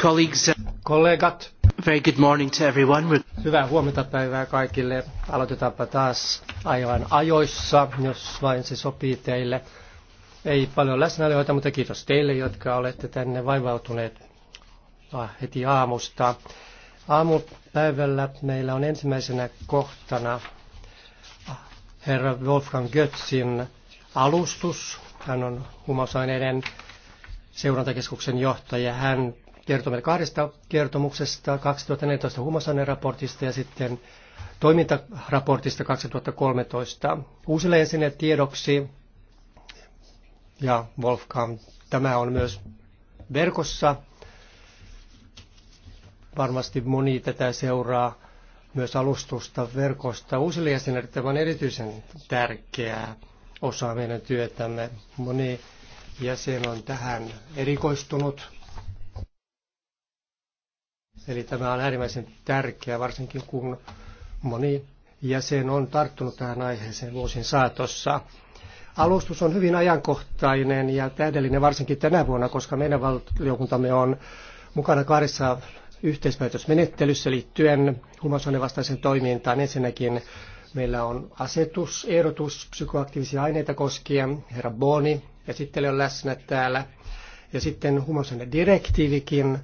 Colleagues, uh, kollegat. Very good morning to everyone. Hyvää huomenta päivää kaikille. Aloitetaanpa taas aivan ajoissa, jos vain se sopii teille. Ei paljon läsnäolijoita, mutta kiitos teille, jotka olette tänne vaivautuneet ah, heti aamusta. Aamupäivällä meillä on ensimmäisenä kohtana herra Wolfgang Götzin alustus. Hän on huumausaineiden seurantakeskuksen johtaja. Hän kertoo meille kahdesta kertomuksesta, 2014 raportista ja sitten toimintaraportista 2013. Uusille jäsenille tiedoksi, ja Wolfgang, tämä on myös verkossa. Varmasti moni tätä seuraa myös alustusta verkosta. Uusille jäsenille tämä on erityisen tärkeää osa meidän työtämme. Moni jäsen on tähän erikoistunut Eli tämä on äärimmäisen tärkeää, varsinkin kun moni jäsen on tarttunut tähän aiheeseen vuosien saatossa. Alustus on hyvin ajankohtainen ja täydellinen varsinkin tänä vuonna, koska meidän valtiokuntamme on mukana kahdessa yhteispäätösmenettelyssä liittyen vastaisen toimintaan. Ensinnäkin meillä on asetus, ehdotus psykoaktiivisia aineita koskien, herra Boni esittely on läsnä täällä, ja sitten huumausainedirektiivikin,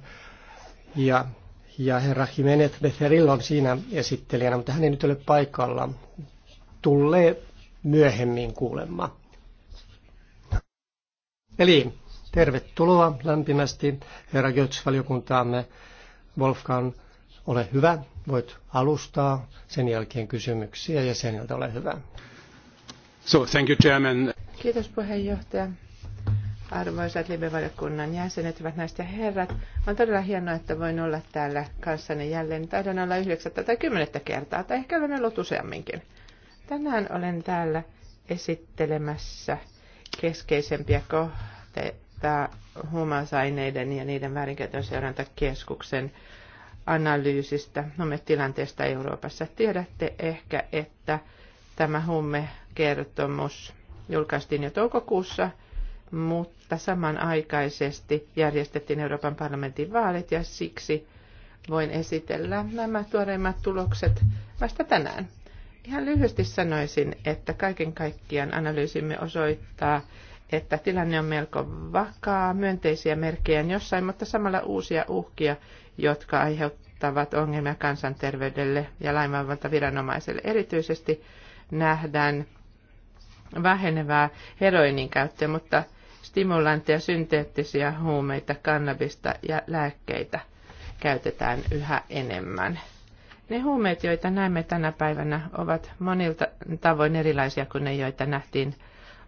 ja ja herra Jimenez Becerril on siinä esittelijänä, mutta hän ei nyt ole paikalla. Tulee myöhemmin kuulemma. Eli tervetuloa lämpimästi herra Götz-valiokuntaamme. Wolfgang, ole hyvä, voit alustaa, sen jälkeen kysymyksiä ja sen jälkeen ole hyvä. So, thank you, Chairman. Kiitos puheenjohtaja. Arvoisat Libevaliokunnan jäsenet, hyvät naiset ja herrat, on todella hienoa, että voin olla täällä kanssani jälleen. Taidan olla yhdeksättä tai kymmenettä kertaa, tai ehkä olen ollut useamminkin. Tänään olen täällä esittelemässä keskeisempiä kohteita huumausaineiden ja niiden väärinkäytön seurantakeskuksen analyysistä tilanteesta Euroopassa. Tiedätte ehkä, että tämä huumekertomus julkaistiin jo toukokuussa – mutta samanaikaisesti järjestettiin Euroopan parlamentin vaalit ja siksi voin esitellä nämä tuoreimmat tulokset vasta tänään. Ihan lyhyesti sanoisin, että kaiken kaikkiaan analyysimme osoittaa, että tilanne on melko vakaa, myönteisiä merkkejä jossain, mutta samalla uusia uhkia, jotka aiheuttavat ongelmia kansanterveydelle ja laimanvaltaviranomaiselle. Erityisesti nähdään vähenevää heroinin käyttöä, mutta stimulantteja, synteettisiä huumeita, kannabista ja lääkkeitä käytetään yhä enemmän. Ne huumeet, joita näemme tänä päivänä, ovat monilta tavoin erilaisia kuin ne, joita nähtiin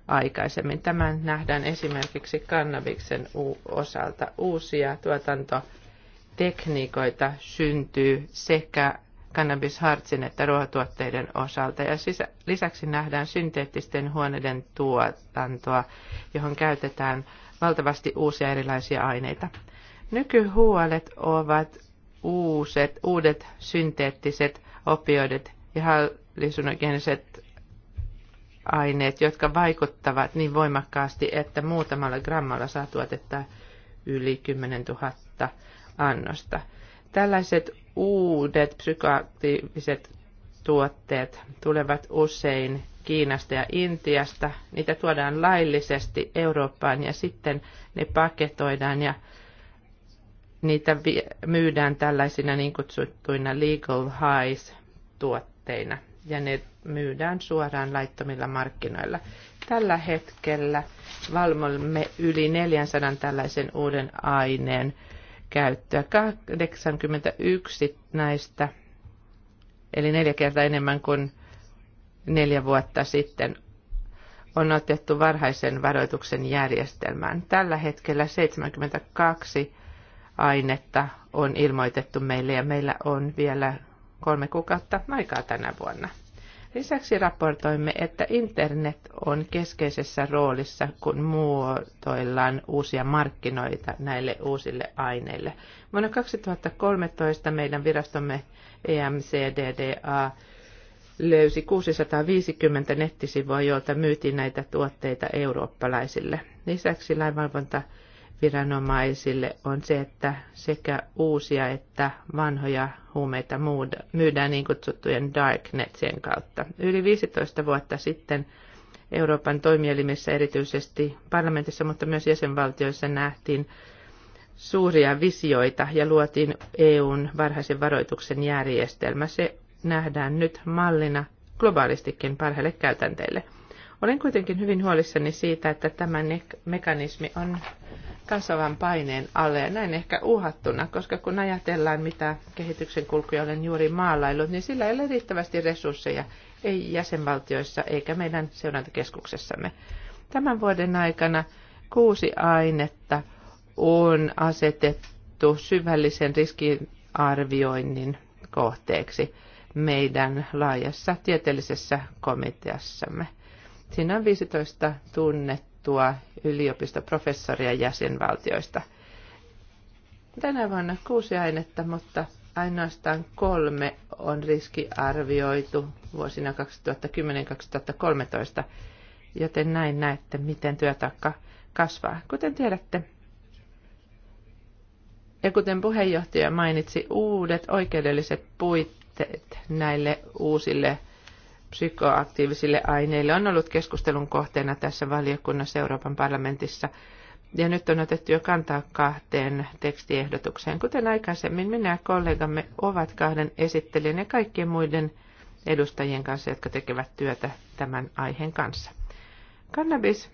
aikaisemmin. Tämän nähdään esimerkiksi kannabiksen osalta. Uusia tuotantotekniikoita syntyy sekä kannabishartsin että ruohotuotteiden osalta. Ja lisäksi nähdään synteettisten huoneiden tuotantoa, johon käytetään valtavasti uusia erilaisia aineita. Nykyhuolet ovat uuset, uudet synteettiset opioidit ja hallisunogeniset aineet, jotka vaikuttavat niin voimakkaasti, että muutamalla grammalla saa tuotetta yli 10 000 annosta. Tällaiset uudet psykoaktiiviset tuotteet tulevat usein Kiinasta ja Intiasta. Niitä tuodaan laillisesti Eurooppaan ja sitten ne paketoidaan ja niitä myydään tällaisina niin kutsuttuina legal highs-tuotteina. Ja ne myydään suoraan laittomilla markkinoilla. Tällä hetkellä valmomme yli 400 tällaisen uuden aineen käyttöä. 81 näistä, eli neljä kertaa enemmän kuin neljä vuotta sitten, on otettu varhaisen varoituksen järjestelmään. Tällä hetkellä 72 ainetta on ilmoitettu meille ja meillä on vielä kolme kuukautta aikaa tänä vuonna. Lisäksi raportoimme, että internet on keskeisessä roolissa, kun muotoillaan uusia markkinoita näille uusille aineille. Vuonna 2013 meidän virastomme EMCDDA löysi 650 nettisivua, joilta myytiin näitä tuotteita eurooppalaisille. Lisäksi lainvalvonta viranomaisille on se, että sekä uusia että vanhoja huumeita myydään niin kutsuttujen darknetsien kautta. Yli 15 vuotta sitten Euroopan toimielimissä, erityisesti parlamentissa, mutta myös jäsenvaltioissa nähtiin suuria visioita ja luotiin EUn varhaisen varoituksen järjestelmä. Se nähdään nyt mallina globaalistikin parhaille käytänteille. Olen kuitenkin hyvin huolissani siitä, että tämä mekanismi on kasvavan paineen alle ja näin ehkä uhattuna, koska kun ajatellaan, mitä kehityksen kulkuja olen juuri maalailut, niin sillä ei ole riittävästi resursseja, ei jäsenvaltioissa eikä meidän seurantakeskuksessamme. Tämän vuoden aikana kuusi ainetta on asetettu syvällisen riskiarvioinnin kohteeksi meidän laajassa tieteellisessä komiteassamme. Siinä on 15 tunnetta tuettua yliopistoprofessoria jäsenvaltioista. Tänä vuonna kuusi ainetta, mutta ainoastaan kolme on riskiarvioitu vuosina 2010-2013, joten näin näette, miten työtaakka kasvaa. Kuten tiedätte, ja kuten puheenjohtaja mainitsi, uudet oikeudelliset puitteet näille uusille psykoaktiivisille aineille on ollut keskustelun kohteena tässä valiokunnassa Euroopan parlamentissa. Ja nyt on otettu jo kantaa kahteen tekstiehdotukseen. Kuten aikaisemmin, minä ja kollegamme ovat kahden esittelijän ja kaikkien muiden edustajien kanssa, jotka tekevät työtä tämän aiheen kanssa. Kannabis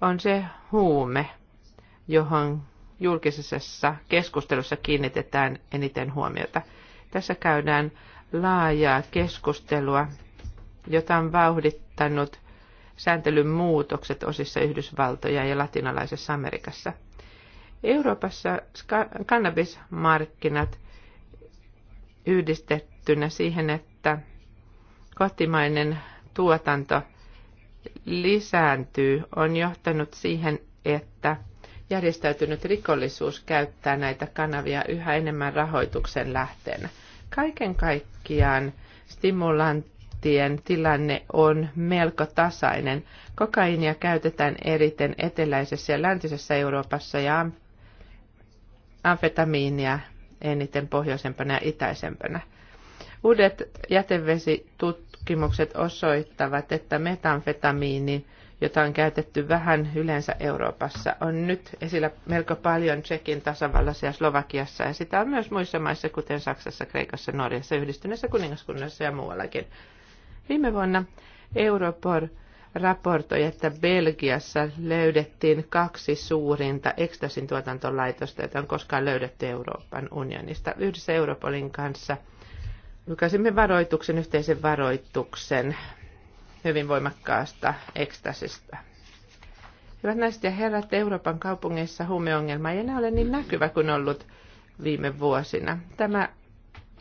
on se huume, johon julkisessa keskustelussa kiinnitetään eniten huomiota. Tässä käydään laajaa keskustelua jota on vauhdittanut sääntelyn muutokset osissa Yhdysvaltoja ja latinalaisessa Amerikassa. Euroopassa kannabismarkkinat yhdistettynä siihen, että kotimainen tuotanto lisääntyy, on johtanut siihen, että järjestäytynyt rikollisuus käyttää näitä kanavia yhä enemmän rahoituksen lähteenä. Kaiken kaikkiaan stimulant lähtien tilanne on melko tasainen. Kokainia käytetään eriten eteläisessä ja läntisessä Euroopassa ja amfetamiinia eniten pohjoisempana ja itäisempänä. Uudet jätevesitutkimukset osoittavat, että metanfetamiini, jota on käytetty vähän yleensä Euroopassa, on nyt esillä melko paljon Tsekin tasavallassa ja Slovakiassa, ja sitä on myös muissa maissa, kuten Saksassa, Kreikassa, Norjassa, Yhdistyneessä kuningaskunnassa ja muuallakin. Viime vuonna Europol raportoi, että Belgiassa löydettiin kaksi suurinta ekstasin tuotantolaitosta, joita on koskaan löydetty Euroopan unionista. Yhdessä Europolin kanssa julkaisimme varoituksen, yhteisen varoituksen hyvin voimakkaasta ekstasista. Hyvät naiset ja herrat, Euroopan kaupungeissa huumeongelma ei enää ole niin näkyvä kuin ollut viime vuosina. Tämä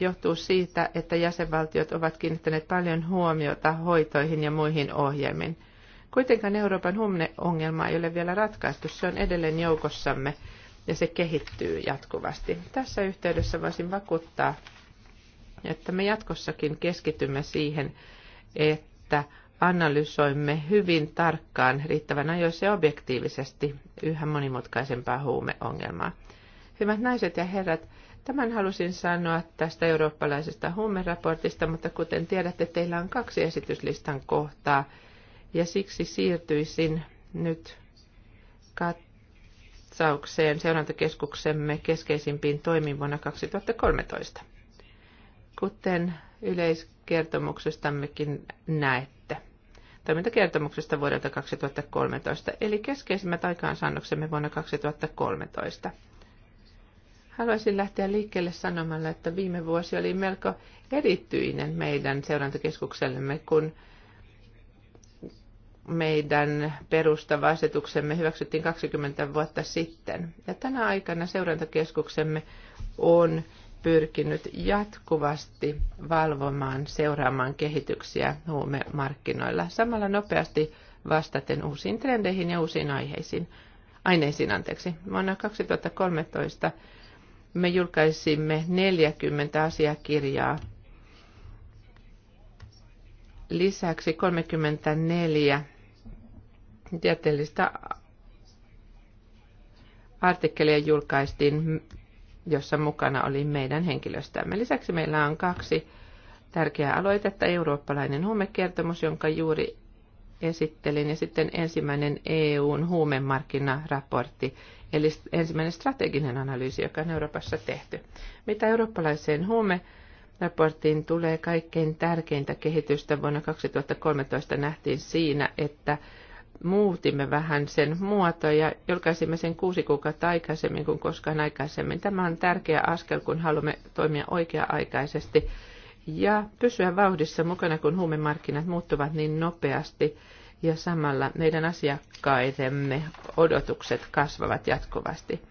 johtuu siitä, että jäsenvaltiot ovat kiinnittäneet paljon huomiota hoitoihin ja muihin ohjelmiin. Kuitenkaan Euroopan humneongelma ei ole vielä ratkaistu, se on edelleen joukossamme ja se kehittyy jatkuvasti. Tässä yhteydessä voisin vakuuttaa, että me jatkossakin keskitymme siihen, että analysoimme hyvin tarkkaan riittävän ajoissa ja objektiivisesti yhä monimutkaisempaa huumeongelmaa. Hyvät naiset ja herrat, Tämän halusin sanoa tästä eurooppalaisesta huumeraportista, mutta kuten tiedätte, teillä on kaksi esityslistan kohtaa, ja siksi siirtyisin nyt katsaukseen seurantakeskuksemme keskeisimpiin toimiin vuonna 2013. Kuten yleiskertomuksestammekin näette toimintakertomuksesta vuodelta 2013, eli keskeisimmät aikaansaannoksemme vuonna 2013. Haluaisin lähteä liikkeelle sanomalla, että viime vuosi oli melko erityinen meidän seurantakeskuksellemme, kun meidän perustava asetuksemme hyväksyttiin 20 vuotta sitten. Ja tänä aikana seurantakeskuksemme on pyrkinyt jatkuvasti valvomaan, seuraamaan kehityksiä huumemarkkinoilla, samalla nopeasti vastaten uusiin trendeihin ja uusiin aiheisiin, aineisiin. Anteeksi. Vuonna 2013 me julkaisimme 40 asiakirjaa. Lisäksi 34 tieteellistä artikkelia julkaistiin, jossa mukana oli meidän henkilöstämme. Lisäksi meillä on kaksi tärkeää aloitetta, eurooppalainen huumekertomus, jonka juuri esittelin. Ja sitten ensimmäinen EUn huumemarkkinaraportti, eli ensimmäinen strateginen analyysi, joka on Euroopassa tehty. Mitä eurooppalaiseen huume raporttiin tulee kaikkein tärkeintä kehitystä vuonna 2013 nähtiin siinä, että muutimme vähän sen muotoa ja julkaisimme sen kuusi kuukautta aikaisemmin kuin koskaan aikaisemmin. Tämä on tärkeä askel, kun haluamme toimia oikea-aikaisesti ja pysyä vauhdissa mukana, kun huumemarkkinat muuttuvat niin nopeasti ja samalla meidän asiakkaidemme odotukset kasvavat jatkuvasti.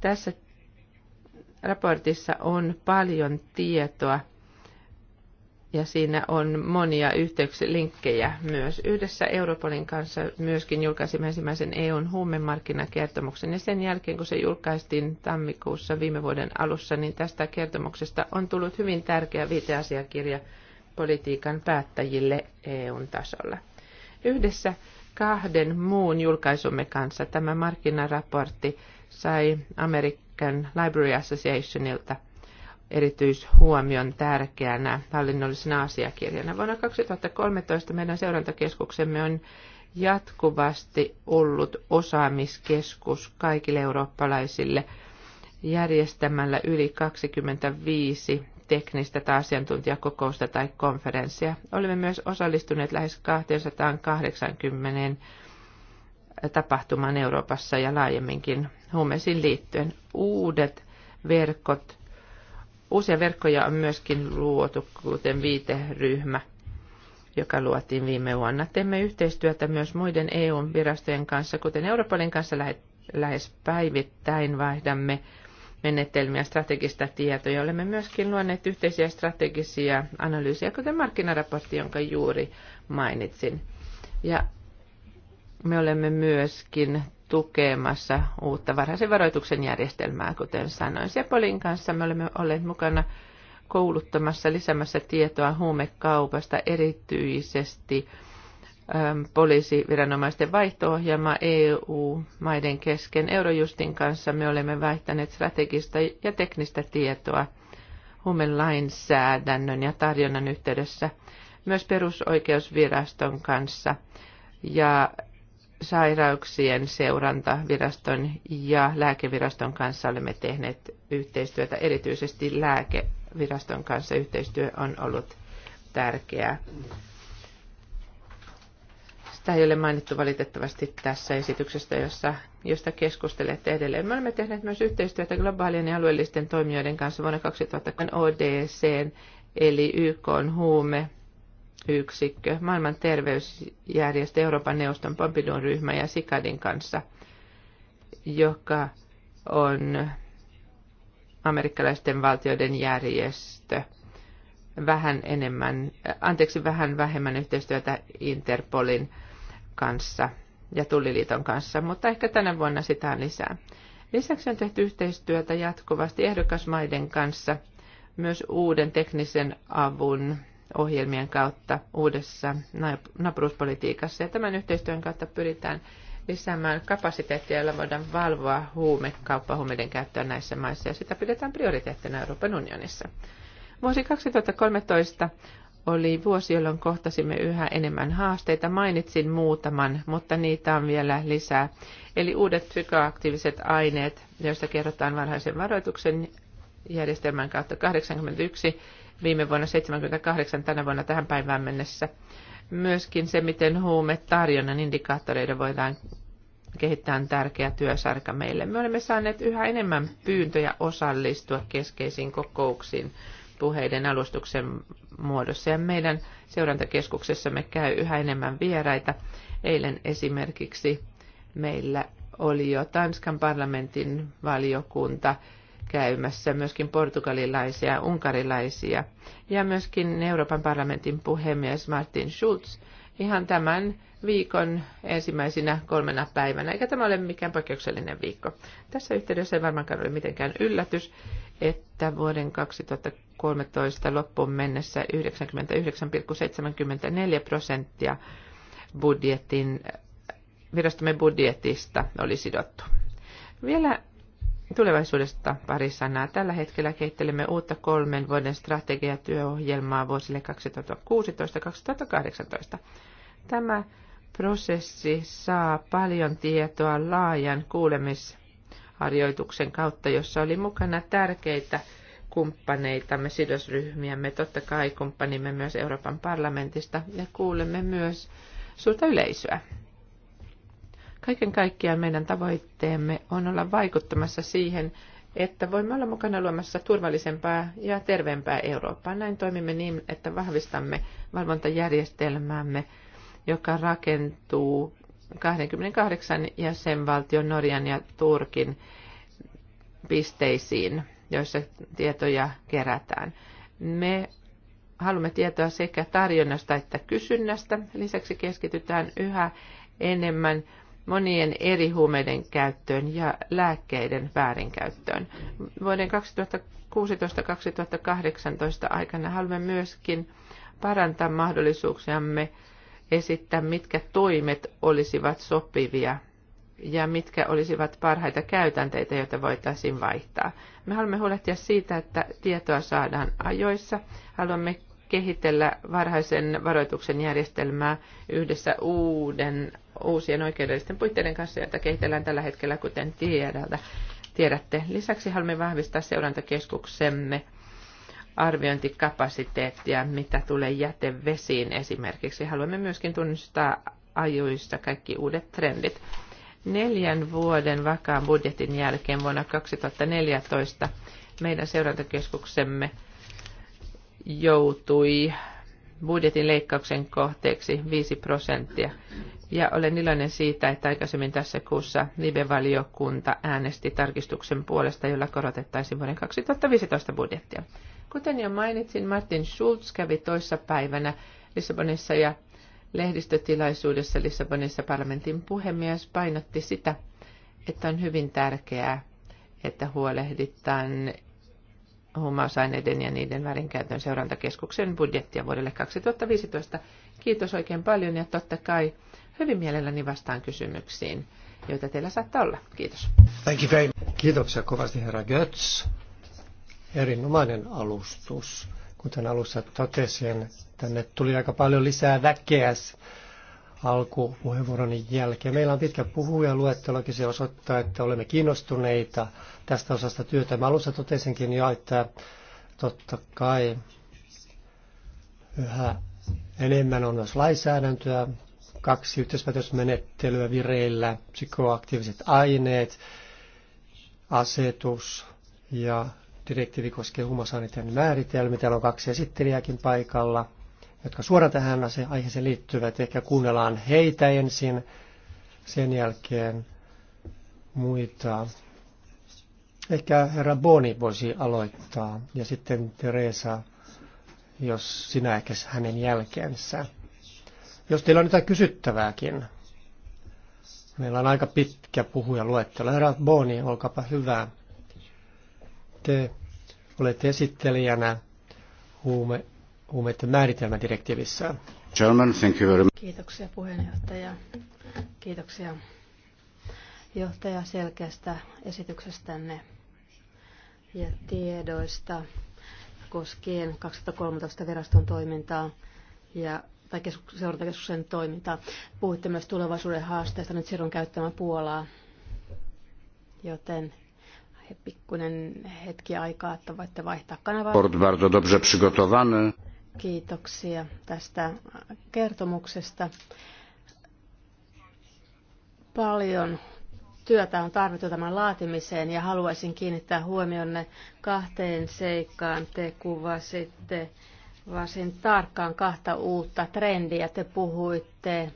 Tässä raportissa on paljon tietoa ja siinä on monia yhteyslinkkejä myös. Yhdessä Europolin kanssa myöskin julkaisimme ensimmäisen EUn huumemarkkinakertomuksen ja sen jälkeen kun se julkaistiin tammikuussa viime vuoden alussa, niin tästä kertomuksesta on tullut hyvin tärkeä viiteasiakirja politiikan päättäjille EUn tasolla. Yhdessä kahden muun julkaisumme kanssa tämä markkinaraportti sai American Library Associationilta – erityishuomion tärkeänä hallinnollisena asiakirjana. Vuonna 2013 meidän seurantakeskuksemme on jatkuvasti ollut osaamiskeskus kaikille eurooppalaisille järjestämällä yli 25 teknistä tai asiantuntijakokousta tai konferenssia. Olemme myös osallistuneet lähes 280 tapahtumaan Euroopassa ja laajemminkin huumeisiin liittyen. Uudet verkot Uusia verkkoja on myöskin luotu, kuten viiteryhmä, joka luotiin viime vuonna. Teemme yhteistyötä myös muiden EU-virastojen kanssa, kuten Europolin kanssa lähes päivittäin vaihdamme menetelmiä, strategista tietoa, olemme myöskin luoneet yhteisiä strategisia analyysiä, kuten markkinaraportti, jonka juuri mainitsin. Ja me olemme myöskin tukemassa uutta varhaisen varoituksen järjestelmää, kuten sanoin. Sepolin kanssa me olemme olleet mukana kouluttamassa, lisäämässä tietoa huumekaupasta, erityisesti äm, poliisiviranomaisten vaihto-ohjelma EU-maiden kesken. Eurojustin kanssa me olemme vaihtaneet strategista ja teknistä tietoa huumelainsäädännön ja tarjonnan yhteydessä myös perusoikeusviraston kanssa ja sairauksien seurantaviraston ja lääkeviraston kanssa olemme tehneet yhteistyötä. Erityisesti lääkeviraston kanssa yhteistyö on ollut tärkeää. Sitä ei ole mainittu valitettavasti tässä esityksessä, jossa, josta keskustelette edelleen. Me olemme tehneet myös yhteistyötä globaalien ja alueellisten toimijoiden kanssa vuonna 2000 ODC, eli YK on huume yksikkö, maailman terveysjärjestö, Euroopan neuvoston Pompidun ryhmä ja Sikadin kanssa, joka on amerikkalaisten valtioiden järjestö. Vähän enemmän, äh, anteeksi, vähän vähemmän yhteistyötä Interpolin kanssa ja Tulliliiton kanssa, mutta ehkä tänä vuonna sitä on lisää. Lisäksi on tehty yhteistyötä jatkuvasti ehdokasmaiden kanssa myös uuden teknisen avun ohjelmien kautta uudessa naapuruuspolitiikassa. Ja tämän yhteistyön kautta pyritään lisäämään kapasiteettia, jolla voidaan valvoa huumekauppa, huumeiden käyttöä näissä maissa, ja sitä pidetään prioriteettina Euroopan unionissa. Vuosi 2013 oli vuosi, jolloin kohtasimme yhä enemmän haasteita. Mainitsin muutaman, mutta niitä on vielä lisää. Eli uudet psykoaktiiviset aineet, joista kerrotaan varhaisen varoituksen järjestelmän kautta 81 viime vuonna 78 tänä vuonna tähän päivään mennessä. Myöskin se, miten huumetarjonnan indikaattoreiden voidaan kehittää on tärkeä työsarka meille. Me olemme saaneet yhä enemmän pyyntöjä osallistua keskeisiin kokouksiin puheiden alustuksen muodossa. Ja meidän seurantakeskuksessamme käy yhä enemmän vieraita. Eilen esimerkiksi meillä oli jo Tanskan parlamentin valiokunta käymässä myöskin portugalilaisia, unkarilaisia ja myöskin Euroopan parlamentin puhemies Martin Schulz ihan tämän viikon ensimmäisinä kolmena päivänä, eikä tämä ole mikään poikkeuksellinen viikko. Tässä yhteydessä ei varmaankaan ole mitenkään yllätys, että vuoden 2013 loppuun mennessä 99,74 prosenttia budjetin, virastomme budjetista oli sidottu. Vielä Tulevaisuudesta pari sanaa. Tällä hetkellä kehittelemme uutta kolmen vuoden strategiatyöohjelmaa vuosille 2016-2018. Tämä prosessi saa paljon tietoa laajan kuulemisharjoituksen kautta, jossa oli mukana tärkeitä kumppaneitamme, sidosryhmiämme, totta kai kumppanimme myös Euroopan parlamentista ja kuulemme myös suurta yleisöä. Kaiken kaikkiaan meidän tavoitteemme on olla vaikuttamassa siihen, että voimme olla mukana luomassa turvallisempaa ja terveempää Eurooppaa. Näin toimimme niin, että vahvistamme valvontajärjestelmäämme, joka rakentuu 28 jäsenvaltion Norjan ja Turkin pisteisiin, joissa tietoja kerätään. Me haluamme tietoa sekä tarjonnasta että kysynnästä. Lisäksi keskitytään yhä enemmän monien eri huumeiden käyttöön ja lääkkeiden väärinkäyttöön. Vuoden 2016-2018 aikana haluamme myöskin parantaa mahdollisuuksiamme esittää, mitkä toimet olisivat sopivia ja mitkä olisivat parhaita käytänteitä, joita voitaisiin vaihtaa. Me haluamme huolehtia siitä, että tietoa saadaan ajoissa. Haluamme kehitellä varhaisen varoituksen järjestelmää yhdessä uuden, uusien oikeudellisten puitteiden kanssa, joita kehitellään tällä hetkellä, kuten tiedältä, tiedätte. Lisäksi haluamme vahvistaa seurantakeskuksemme arviointikapasiteettia, mitä tulee jätevesiin esimerkiksi. Haluamme myöskin tunnistaa ajoissa kaikki uudet trendit. Neljän vuoden vakaan budjetin jälkeen vuonna 2014 meidän seurantakeskuksemme – joutui budjetin leikkauksen kohteeksi 5 prosenttia. Ja olen iloinen siitä, että aikaisemmin tässä kuussa live-valiokunta äänesti tarkistuksen puolesta, jolla korotettaisiin vuoden 2015 budjettia. Kuten jo mainitsin, Martin Schulz kävi toissa päivänä Lissabonissa ja lehdistötilaisuudessa Lissabonissa parlamentin puhemies painotti sitä, että on hyvin tärkeää, että huolehditaan huumausaineiden ja niiden väärinkäytön seurantakeskuksen budjettia vuodelle 2015. Kiitos oikein paljon ja totta kai hyvin mielelläni vastaan kysymyksiin, joita teillä saattaa olla. Kiitos. Thank you very much. Kiitoksia kovasti herra Götz. Erinomainen alustus. Kuten alussa totesin, tänne tuli aika paljon lisää väkeä alkupuheenvuoroni jälkeen. Meillä on pitkä puhuja luettelo, se osoittaa, että olemme kiinnostuneita tästä osasta työtä. Mä alussa totesinkin jo, että totta kai yhä enemmän on myös lainsäädäntöä, kaksi yhteispäätösmenettelyä vireillä, psykoaktiiviset aineet, asetus ja direktiivi koskee huumausaineiden määritelmiä. Täällä on kaksi esittelijääkin paikalla – jotka suoraan tähän aiheeseen liittyvät. Ehkä kuunnellaan heitä ensin, sen jälkeen muita. Ehkä herra Boni voisi aloittaa ja sitten Teresa, jos sinä ehkä hänen jälkeensä. Jos teillä on jotain kysyttävääkin, meillä on aika pitkä puhuja luettelo. Herra Boni, olkapa hyvä. Te olette esittelijänä huume huumeiden määritelmädirektiivissä. Chairman, thank you very much. Kiitoksia puheenjohtaja. Kiitoksia johtaja selkeästä esityksestänne ja tiedoista koskien 2013 viraston toimintaa ja tai seurantakeskuksen toimintaa. Puhuitte myös tulevaisuuden haasteista, nyt siirryn käyttämään Puolaa, joten pikkuinen hetki aikaa, että voitte vaihtaa kanavaa. Bardzo dobrze przygotowany. Kiitoksia tästä kertomuksesta. Paljon työtä on tarvittu tämän laatimiseen ja haluaisin kiinnittää huomionne kahteen seikkaan. Te kuvasitte varsin tarkkaan kahta uutta trendiä. Te puhuitte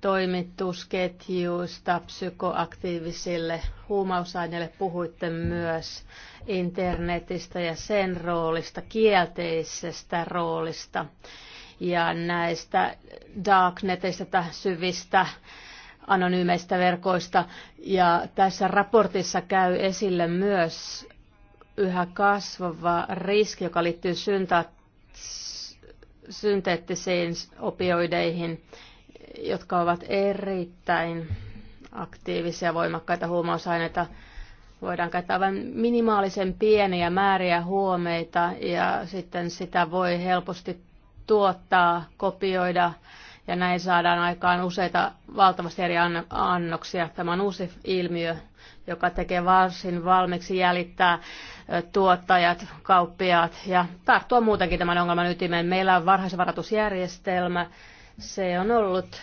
toimitusketjuista psykoaktiivisille huumausaineille puhuitte myös internetistä ja sen roolista, kielteisestä roolista ja näistä darkneteistä syvistä anonyymeistä verkoista. Ja tässä raportissa käy esille myös yhä kasvava riski, joka liittyy synta- synteettisiin opioideihin jotka ovat erittäin aktiivisia voimakkaita huumausaineita. Voidaan käyttää vain minimaalisen pieniä määriä huomeita ja sitten sitä voi helposti tuottaa, kopioida ja näin saadaan aikaan useita valtavasti eri annoksia. Tämä on uusi ilmiö, joka tekee varsin valmiiksi jäljittää tuottajat, kauppiaat ja tarttua muutenkin tämän ongelman ytimeen. Meillä on varhaisvaratusjärjestelmä, se on ollut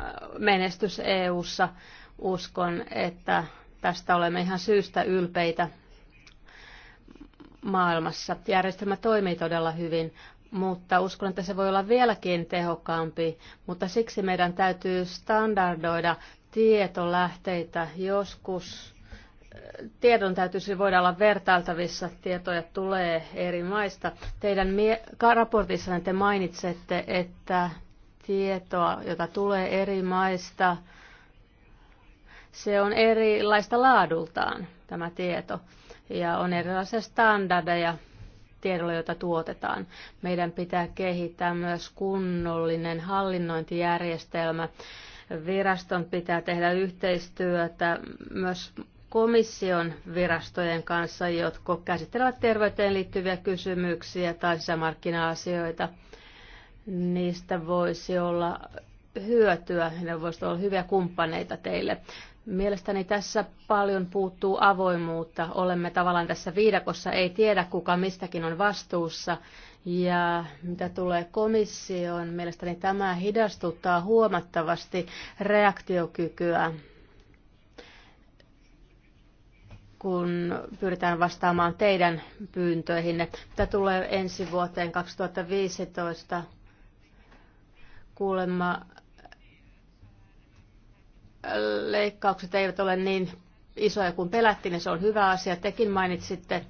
äh, menestys EU:ssa. Uskon, että tästä olemme ihan syystä ylpeitä maailmassa. Järjestelmä toimii todella hyvin, mutta uskon, että se voi olla vieläkin tehokkaampi, mutta siksi meidän täytyy standardoida tietolähteitä. Joskus äh, tiedon täytyisi voida olla vertailtavissa, tietoja tulee eri maista. Teidän raportissanne te mainitsette, että tietoa, jota tulee eri maista, se on erilaista laadultaan tämä tieto ja on erilaisia standardeja tiedolla, joita tuotetaan. Meidän pitää kehittää myös kunnollinen hallinnointijärjestelmä. Viraston pitää tehdä yhteistyötä myös komission virastojen kanssa, jotka käsittelevät terveyteen liittyviä kysymyksiä tai sisämarkkina-asioita niistä voisi olla hyötyä, ne voisivat olla hyviä kumppaneita teille. Mielestäni tässä paljon puuttuu avoimuutta. Olemme tavallaan tässä viidakossa, ei tiedä kuka mistäkin on vastuussa. Ja mitä tulee komissioon, mielestäni tämä hidastuttaa huomattavasti reaktiokykyä, kun pyritään vastaamaan teidän pyyntöihinne. Mitä tulee ensi vuoteen 2015, kuulemma äh, leikkaukset eivät ole niin isoja kuin pelättiin, niin se on hyvä asia. Tekin mainitsitte,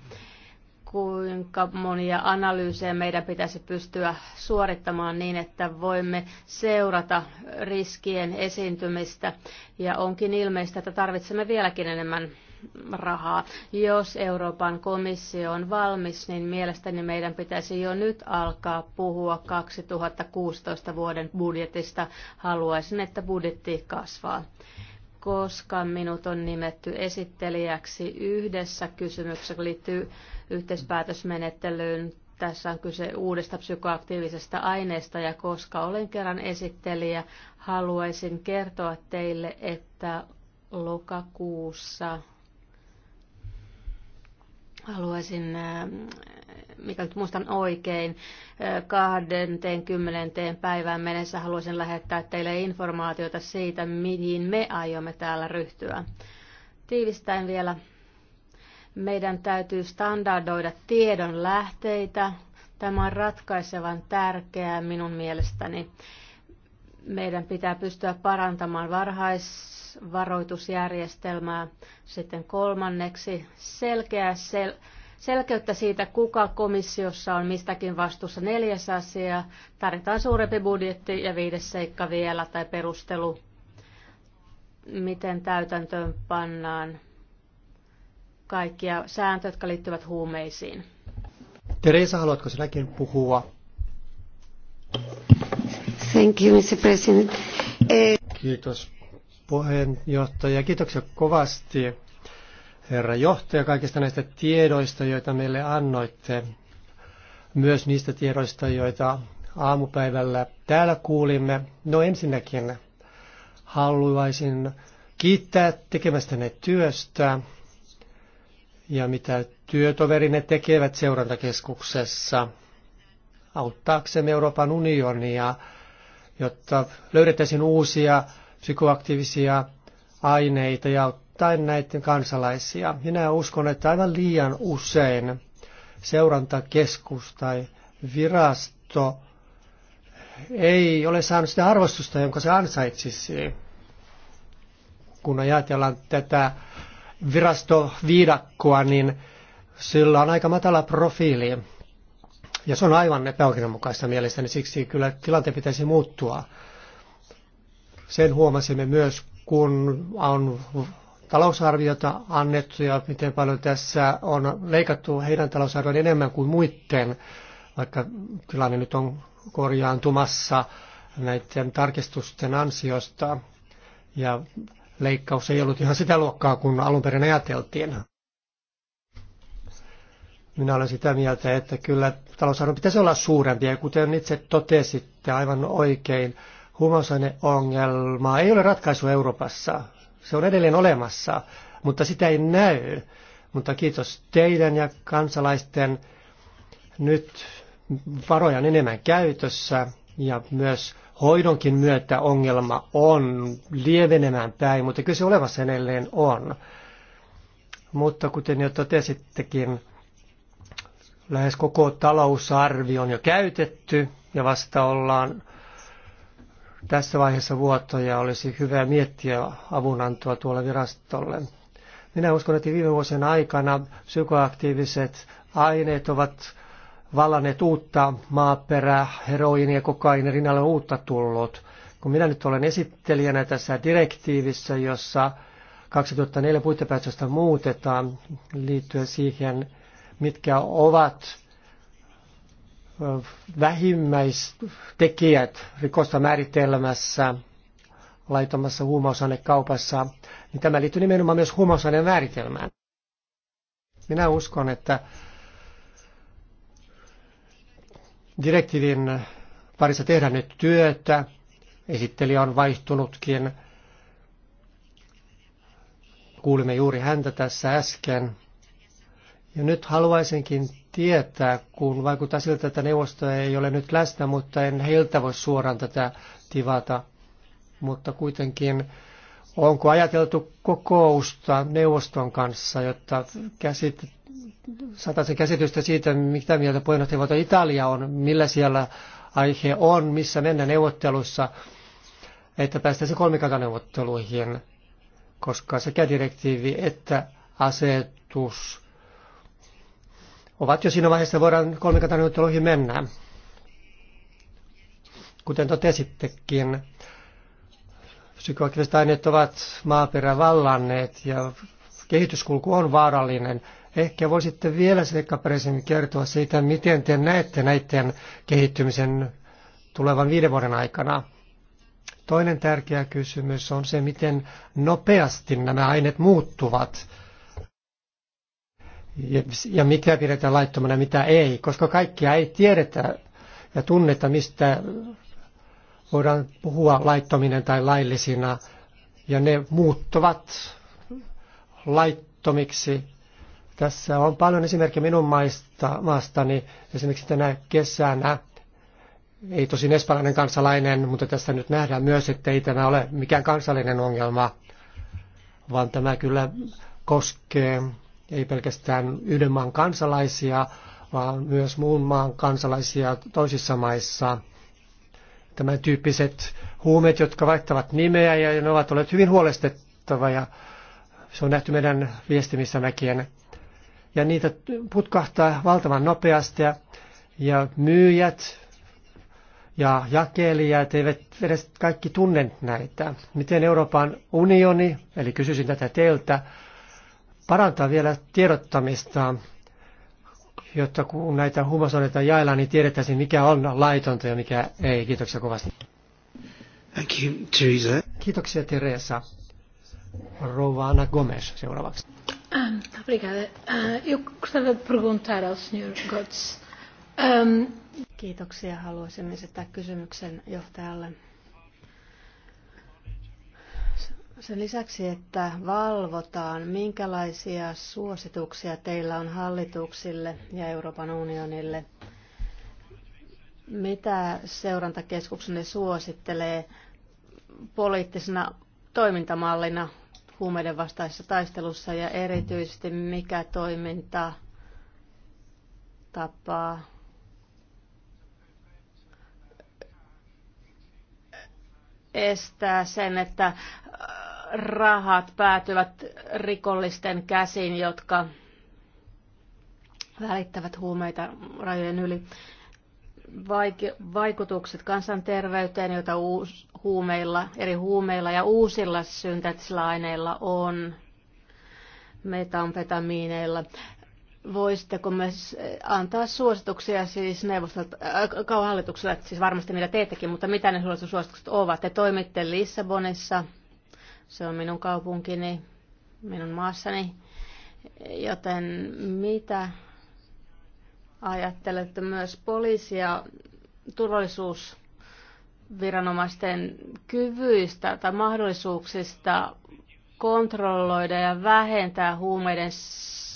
kuinka monia analyysejä meidän pitäisi pystyä suorittamaan niin, että voimme seurata riskien esiintymistä. Ja onkin ilmeistä, että tarvitsemme vieläkin enemmän rahaa. Jos Euroopan komissio on valmis, niin mielestäni meidän pitäisi jo nyt alkaa puhua 2016 vuoden budjetista. Haluaisin, että budjetti kasvaa koska minut on nimetty esittelijäksi yhdessä kysymyksessä, liittyy yhteispäätösmenettelyyn. Tässä on kyse uudesta psykoaktiivisesta aineesta ja koska olen kerran esittelijä, haluaisin kertoa teille, että lokakuussa haluaisin, äh, mikä nyt muistan oikein, 20. Äh, päivään mennessä haluaisin lähettää teille informaatiota siitä, mihin me aiomme täällä ryhtyä. Tiivistäen vielä, meidän täytyy standardoida tiedon lähteitä. Tämä on ratkaisevan tärkeää minun mielestäni meidän pitää pystyä parantamaan varhaisvaroitusjärjestelmää. Sitten kolmanneksi selkeä, sel, selkeyttä siitä, kuka komissiossa on mistäkin vastuussa. Neljäs asia, tarvitaan suurempi budjetti ja viides seikka vielä tai perustelu, miten täytäntöön pannaan kaikkia sääntöjä, jotka liittyvät huumeisiin. Teresa, haluatko sinäkin puhua? Thank you, Mr. President. Eh, Kiitos puheenjohtaja. Kiitoksia kovasti herra johtaja kaikista näistä tiedoista, joita meille annoitte. Myös niistä tiedoista, joita aamupäivällä täällä kuulimme. No ensinnäkin haluaisin kiittää tekemästänne työstä ja mitä työtoverinne tekevät seurantakeskuksessa auttaaksemme Euroopan unionia – jotta löydettäisiin uusia psykoaktiivisia aineita ja auttaen näiden kansalaisia. Minä uskon, että aivan liian usein seurantakeskus tai virasto ei ole saanut sitä arvostusta, jonka se ansaitsisi. Kun ajatellaan tätä virastoviidakkoa, niin sillä on aika matala profiili ja se on aivan epäoikeudenmukaista mielestäni, siksi kyllä tilanteen pitäisi muuttua. Sen huomasimme myös, kun on talousarviota annettu ja miten paljon tässä on leikattu heidän talousarvion enemmän kuin muiden, vaikka tilanne nyt on korjaantumassa näiden tarkistusten ansiosta. Ja leikkaus ei ollut ihan sitä luokkaa, kun alun perin ajateltiin. Minä olen sitä mieltä, että kyllä Talousarvo pitäisi olla suurempi. Ja kuten itse totesitte aivan oikein, huumausaineongelma ei ole ratkaisu Euroopassa. Se on edelleen olemassa, mutta sitä ei näy. Mutta kiitos teidän ja kansalaisten nyt varoja on enemmän käytössä ja myös hoidonkin myötä ongelma on lievenemään päin, mutta kyllä se olemassa edelleen on. Mutta kuten jo totesittekin, lähes koko talousarvio on jo käytetty ja vasta ollaan tässä vaiheessa vuotta ja olisi hyvä miettiä avunantoa tuolle virastolle. Minä uskon, että viime vuosien aikana psykoaktiiviset aineet ovat vallanneet uutta maaperää, heroini ja kokaini rinnalle uutta tullut. Kun minä nyt olen esittelijänä tässä direktiivissä, jossa 2004 puitepäätöstä muutetaan liittyen siihen, mitkä ovat vähimmäistekijät rikosta määritelmässä laitomassa huumausainekaupassa, niin tämä liittyy nimenomaan myös huumausaineen määritelmään. Minä uskon, että direktiivin parissa tehdään nyt työtä. Esittelijä on vaihtunutkin. Kuulimme juuri häntä tässä äsken. Ja nyt haluaisinkin tietää, kun vaikuttaa siltä, että neuvosto ei ole nyt läsnä, mutta en heiltä voi suoraan tätä tivata. Mutta kuitenkin, onko ajateltu kokousta neuvoston kanssa, jotta käsit, saataisiin käsitystä siitä, mitä mieltä puheenjohtajavaltio Italia on, millä siellä aihe on, missä mennä neuvottelussa, että päästäisiin kolmikantaneuvotteluihin, koska sekä direktiivi että asetus – ovat jo siinä vaiheessa, voidaan kolmikantaneuvotteluihin mennä. Kuten totesittekin, psykoaktiiviset aineet ovat maaperä vallanneet ja kehityskulku on vaarallinen. Ehkä voisitte vielä seikkaperäisemmin kertoa siitä, miten te näette näiden kehittymisen tulevan viiden vuoden aikana. Toinen tärkeä kysymys on se, miten nopeasti nämä aineet muuttuvat – ja mikä pidetään laittomana ja mitä ei, koska kaikkia ei tiedetä ja tunneta, mistä voidaan puhua laittominen tai laillisina, ja ne muuttuvat laittomiksi. Tässä on paljon esimerkkejä minun maista, maastani, esimerkiksi tänä kesänä, ei tosin espanjalainen kansalainen, mutta tässä nyt nähdään myös, että ei tämä ole mikään kansallinen ongelma, vaan tämä kyllä koskee ei pelkästään yhden maan kansalaisia, vaan myös muun maan kansalaisia toisissa maissa. Tämän tyyppiset huumeet, jotka vaihtavat nimeä ja ne ovat olleet hyvin huolestuttava ja se on nähty meidän viestimissämmekin. Ja niitä putkahtaa valtavan nopeasti ja, ja myyjät ja jakelijat eivät edes kaikki tunne näitä. Miten Euroopan unioni, eli kysyisin tätä teiltä, parantaa vielä tiedottamista, jotta kun näitä huumausaineita jaellaan, niin tiedettäisiin mikä on laitonta ja mikä ei. Kiitoksia kovasti. Thank you, Teresa. Kiitoksia Teresa. Rouva Anna Gomes seuraavaksi. Um, obrigada. Uh, eu gostava de perguntar ao Sr. Götz. Um... Ähm, Kiitoksia. Haluaisin esittää kysymyksen johtajalle. Sen lisäksi, että valvotaan, minkälaisia suosituksia teillä on hallituksille ja Euroopan unionille, mitä seurantakeskuksenne suosittelee poliittisena toimintamallina huumeiden vastaisessa taistelussa ja erityisesti mikä toiminta tapaa estää sen, että rahat päätyvät rikollisten käsiin, jotka välittävät huumeita rajojen yli. Vaikutukset kansanterveyteen, joita uus, huumeilla, eri huumeilla ja uusilla synteettisillä aineilla on, metanfetamiineilla. Voisitteko myös antaa suosituksia siis neuvostolta, äh, hallitukselle, siis varmasti mitä teettekin, mutta mitä ne suositukset ovat? Te toimitte Lissabonissa, se on minun kaupunkini, minun maassani. Joten mitä ajattelette myös poliisia turvallisuusviranomaisten kyvyistä tai mahdollisuuksista kontrolloida ja vähentää huumeiden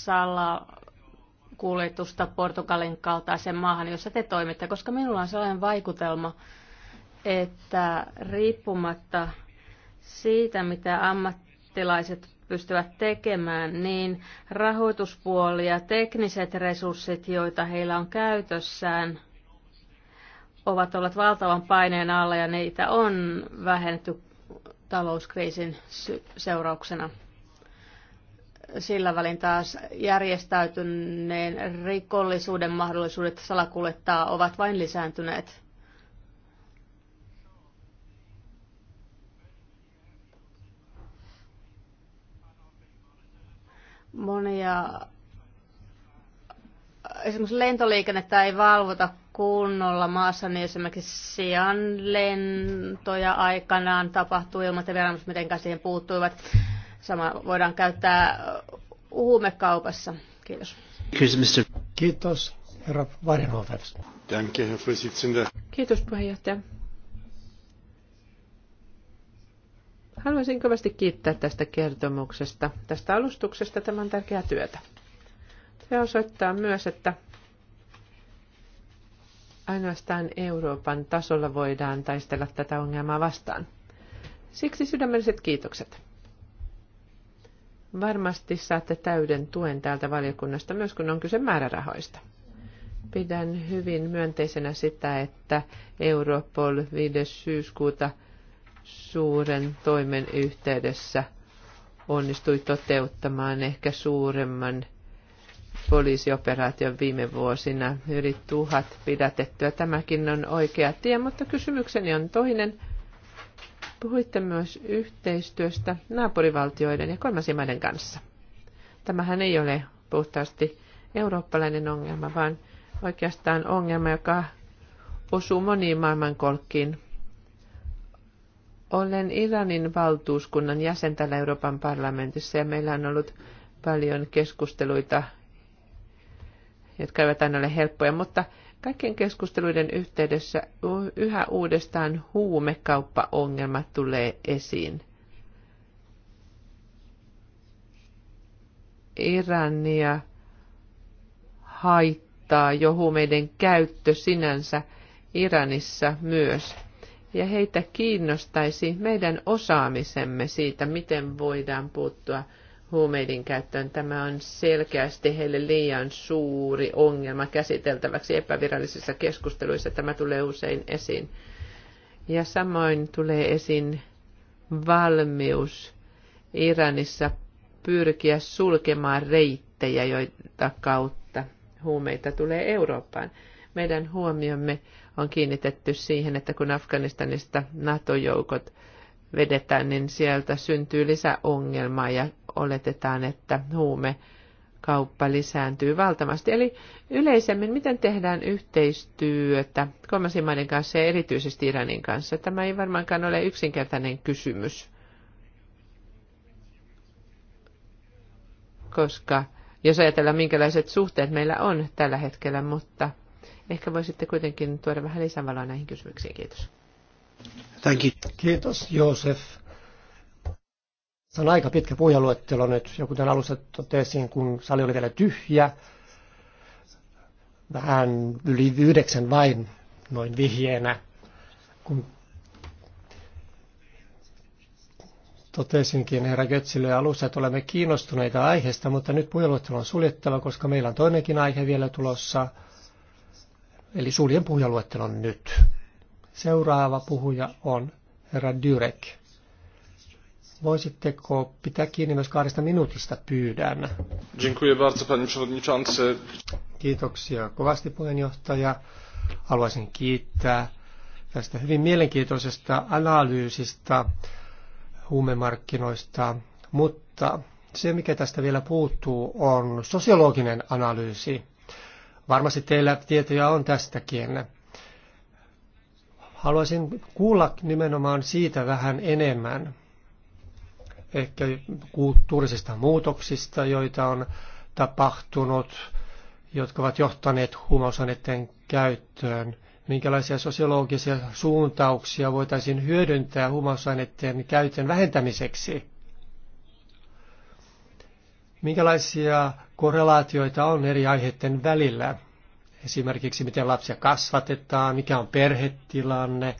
salakuljetusta Portugalin kaltaisen maahan, jossa te toimitte, koska minulla on sellainen vaikutelma, että riippumatta siitä, mitä ammattilaiset pystyvät tekemään, niin rahoituspuoli ja tekniset resurssit, joita heillä on käytössään, ovat olleet valtavan paineen alla ja niitä on vähennetty talouskriisin seurauksena. Sillä välin taas järjestäytyneen rikollisuuden mahdollisuudet salakuljettaa ovat vain lisääntyneet. monia esimerkiksi lentoliikennettä ei valvota kunnolla maassa, niin esimerkiksi sian lentoja aikanaan tapahtui ilman, että viranomaiset mitenkään siihen puuttuivat. Sama voidaan käyttää huumekaupassa. Kiitos. Kiitos, herra Varjenhofer. Kiitos, puheenjohtaja. Haluaisin kovasti kiittää tästä kertomuksesta, tästä alustuksesta. tämän tärkeää työtä. Se osoittaa myös, että ainoastaan Euroopan tasolla voidaan taistella tätä ongelmaa vastaan. Siksi sydämelliset kiitokset. Varmasti saatte täyden tuen täältä valiokunnasta, myös kun on kyse määrärahoista. Pidän hyvin myönteisenä sitä, että Europol 5. syyskuuta – suuren toimen yhteydessä onnistui toteuttamaan ehkä suuremman poliisioperaation viime vuosina, yli tuhat pidätettyä. Tämäkin on oikea tie, mutta kysymykseni on toinen. Puhuitte myös yhteistyöstä naapurivaltioiden ja kolmansien maiden kanssa. Tämähän ei ole puhtaasti eurooppalainen ongelma, vaan oikeastaan ongelma, joka osuu moniin maailmankolkkiin. Olen Iranin valtuuskunnan jäsen täällä Euroopan parlamentissa ja meillä on ollut paljon keskusteluita, jotka eivät aina ole helppoja, mutta kaikkien keskusteluiden yhteydessä yhä uudestaan huumekauppaongelma tulee esiin. Irania haittaa jo huumeiden käyttö sinänsä Iranissa myös – ja heitä kiinnostaisi meidän osaamisemme siitä, miten voidaan puuttua huumeiden käyttöön. Tämä on selkeästi heille liian suuri ongelma käsiteltäväksi epävirallisissa keskusteluissa. Tämä tulee usein esiin. Ja samoin tulee esiin valmius Iranissa pyrkiä sulkemaan reittejä, joita kautta huumeita tulee Eurooppaan. Meidän huomiomme on kiinnitetty siihen, että kun Afganistanista NATO-joukot vedetään, niin sieltä syntyy lisäongelmaa ja oletetaan, että huume kauppa lisääntyy valtavasti. Eli yleisemmin, miten tehdään yhteistyötä kolmansien maiden kanssa ja erityisesti Iranin kanssa? Tämä ei varmaankaan ole yksinkertainen kysymys, koska jos ajatellaan, minkälaiset suhteet meillä on tällä hetkellä, mutta – Ehkä voisitte kuitenkin tuoda vähän lisävaloa näihin kysymyksiin. Kiitos. Thank you. Kiitos, Joosef. Se on aika pitkä puheenluettelo nyt, ja kuten alussa totesin, kun sali oli vielä tyhjä, vähän yli yhdeksän vain noin vihjeenä, kun totesinkin herra Götzille alussa, että olemme kiinnostuneita aiheesta, mutta nyt puheluettelo on suljettava, koska meillä on toinenkin aihe vielä tulossa – Eli suljen puhujaluettelon nyt. Seuraava puhuja on herra Dyrek. Voisitteko pitää kiinni myös kahdesta minuutista pyydän? Dziękuję bardzo, panie Kiitoksia kovasti puheenjohtaja. Haluaisin kiittää tästä hyvin mielenkiintoisesta analyysistä huumemarkkinoista, mutta se mikä tästä vielä puuttuu on sosiologinen analyysi Varmasti teillä tietoja on tästäkin. Haluaisin kuulla nimenomaan siitä vähän enemmän, ehkä kulttuurisista muutoksista, joita on tapahtunut, jotka ovat johtaneet huumausaineiden käyttöön. Minkälaisia sosiologisia suuntauksia voitaisiin hyödyntää huumausaineiden käytön vähentämiseksi? minkälaisia korrelaatioita on eri aiheiden välillä. Esimerkiksi miten lapsia kasvatetaan, mikä on perhetilanne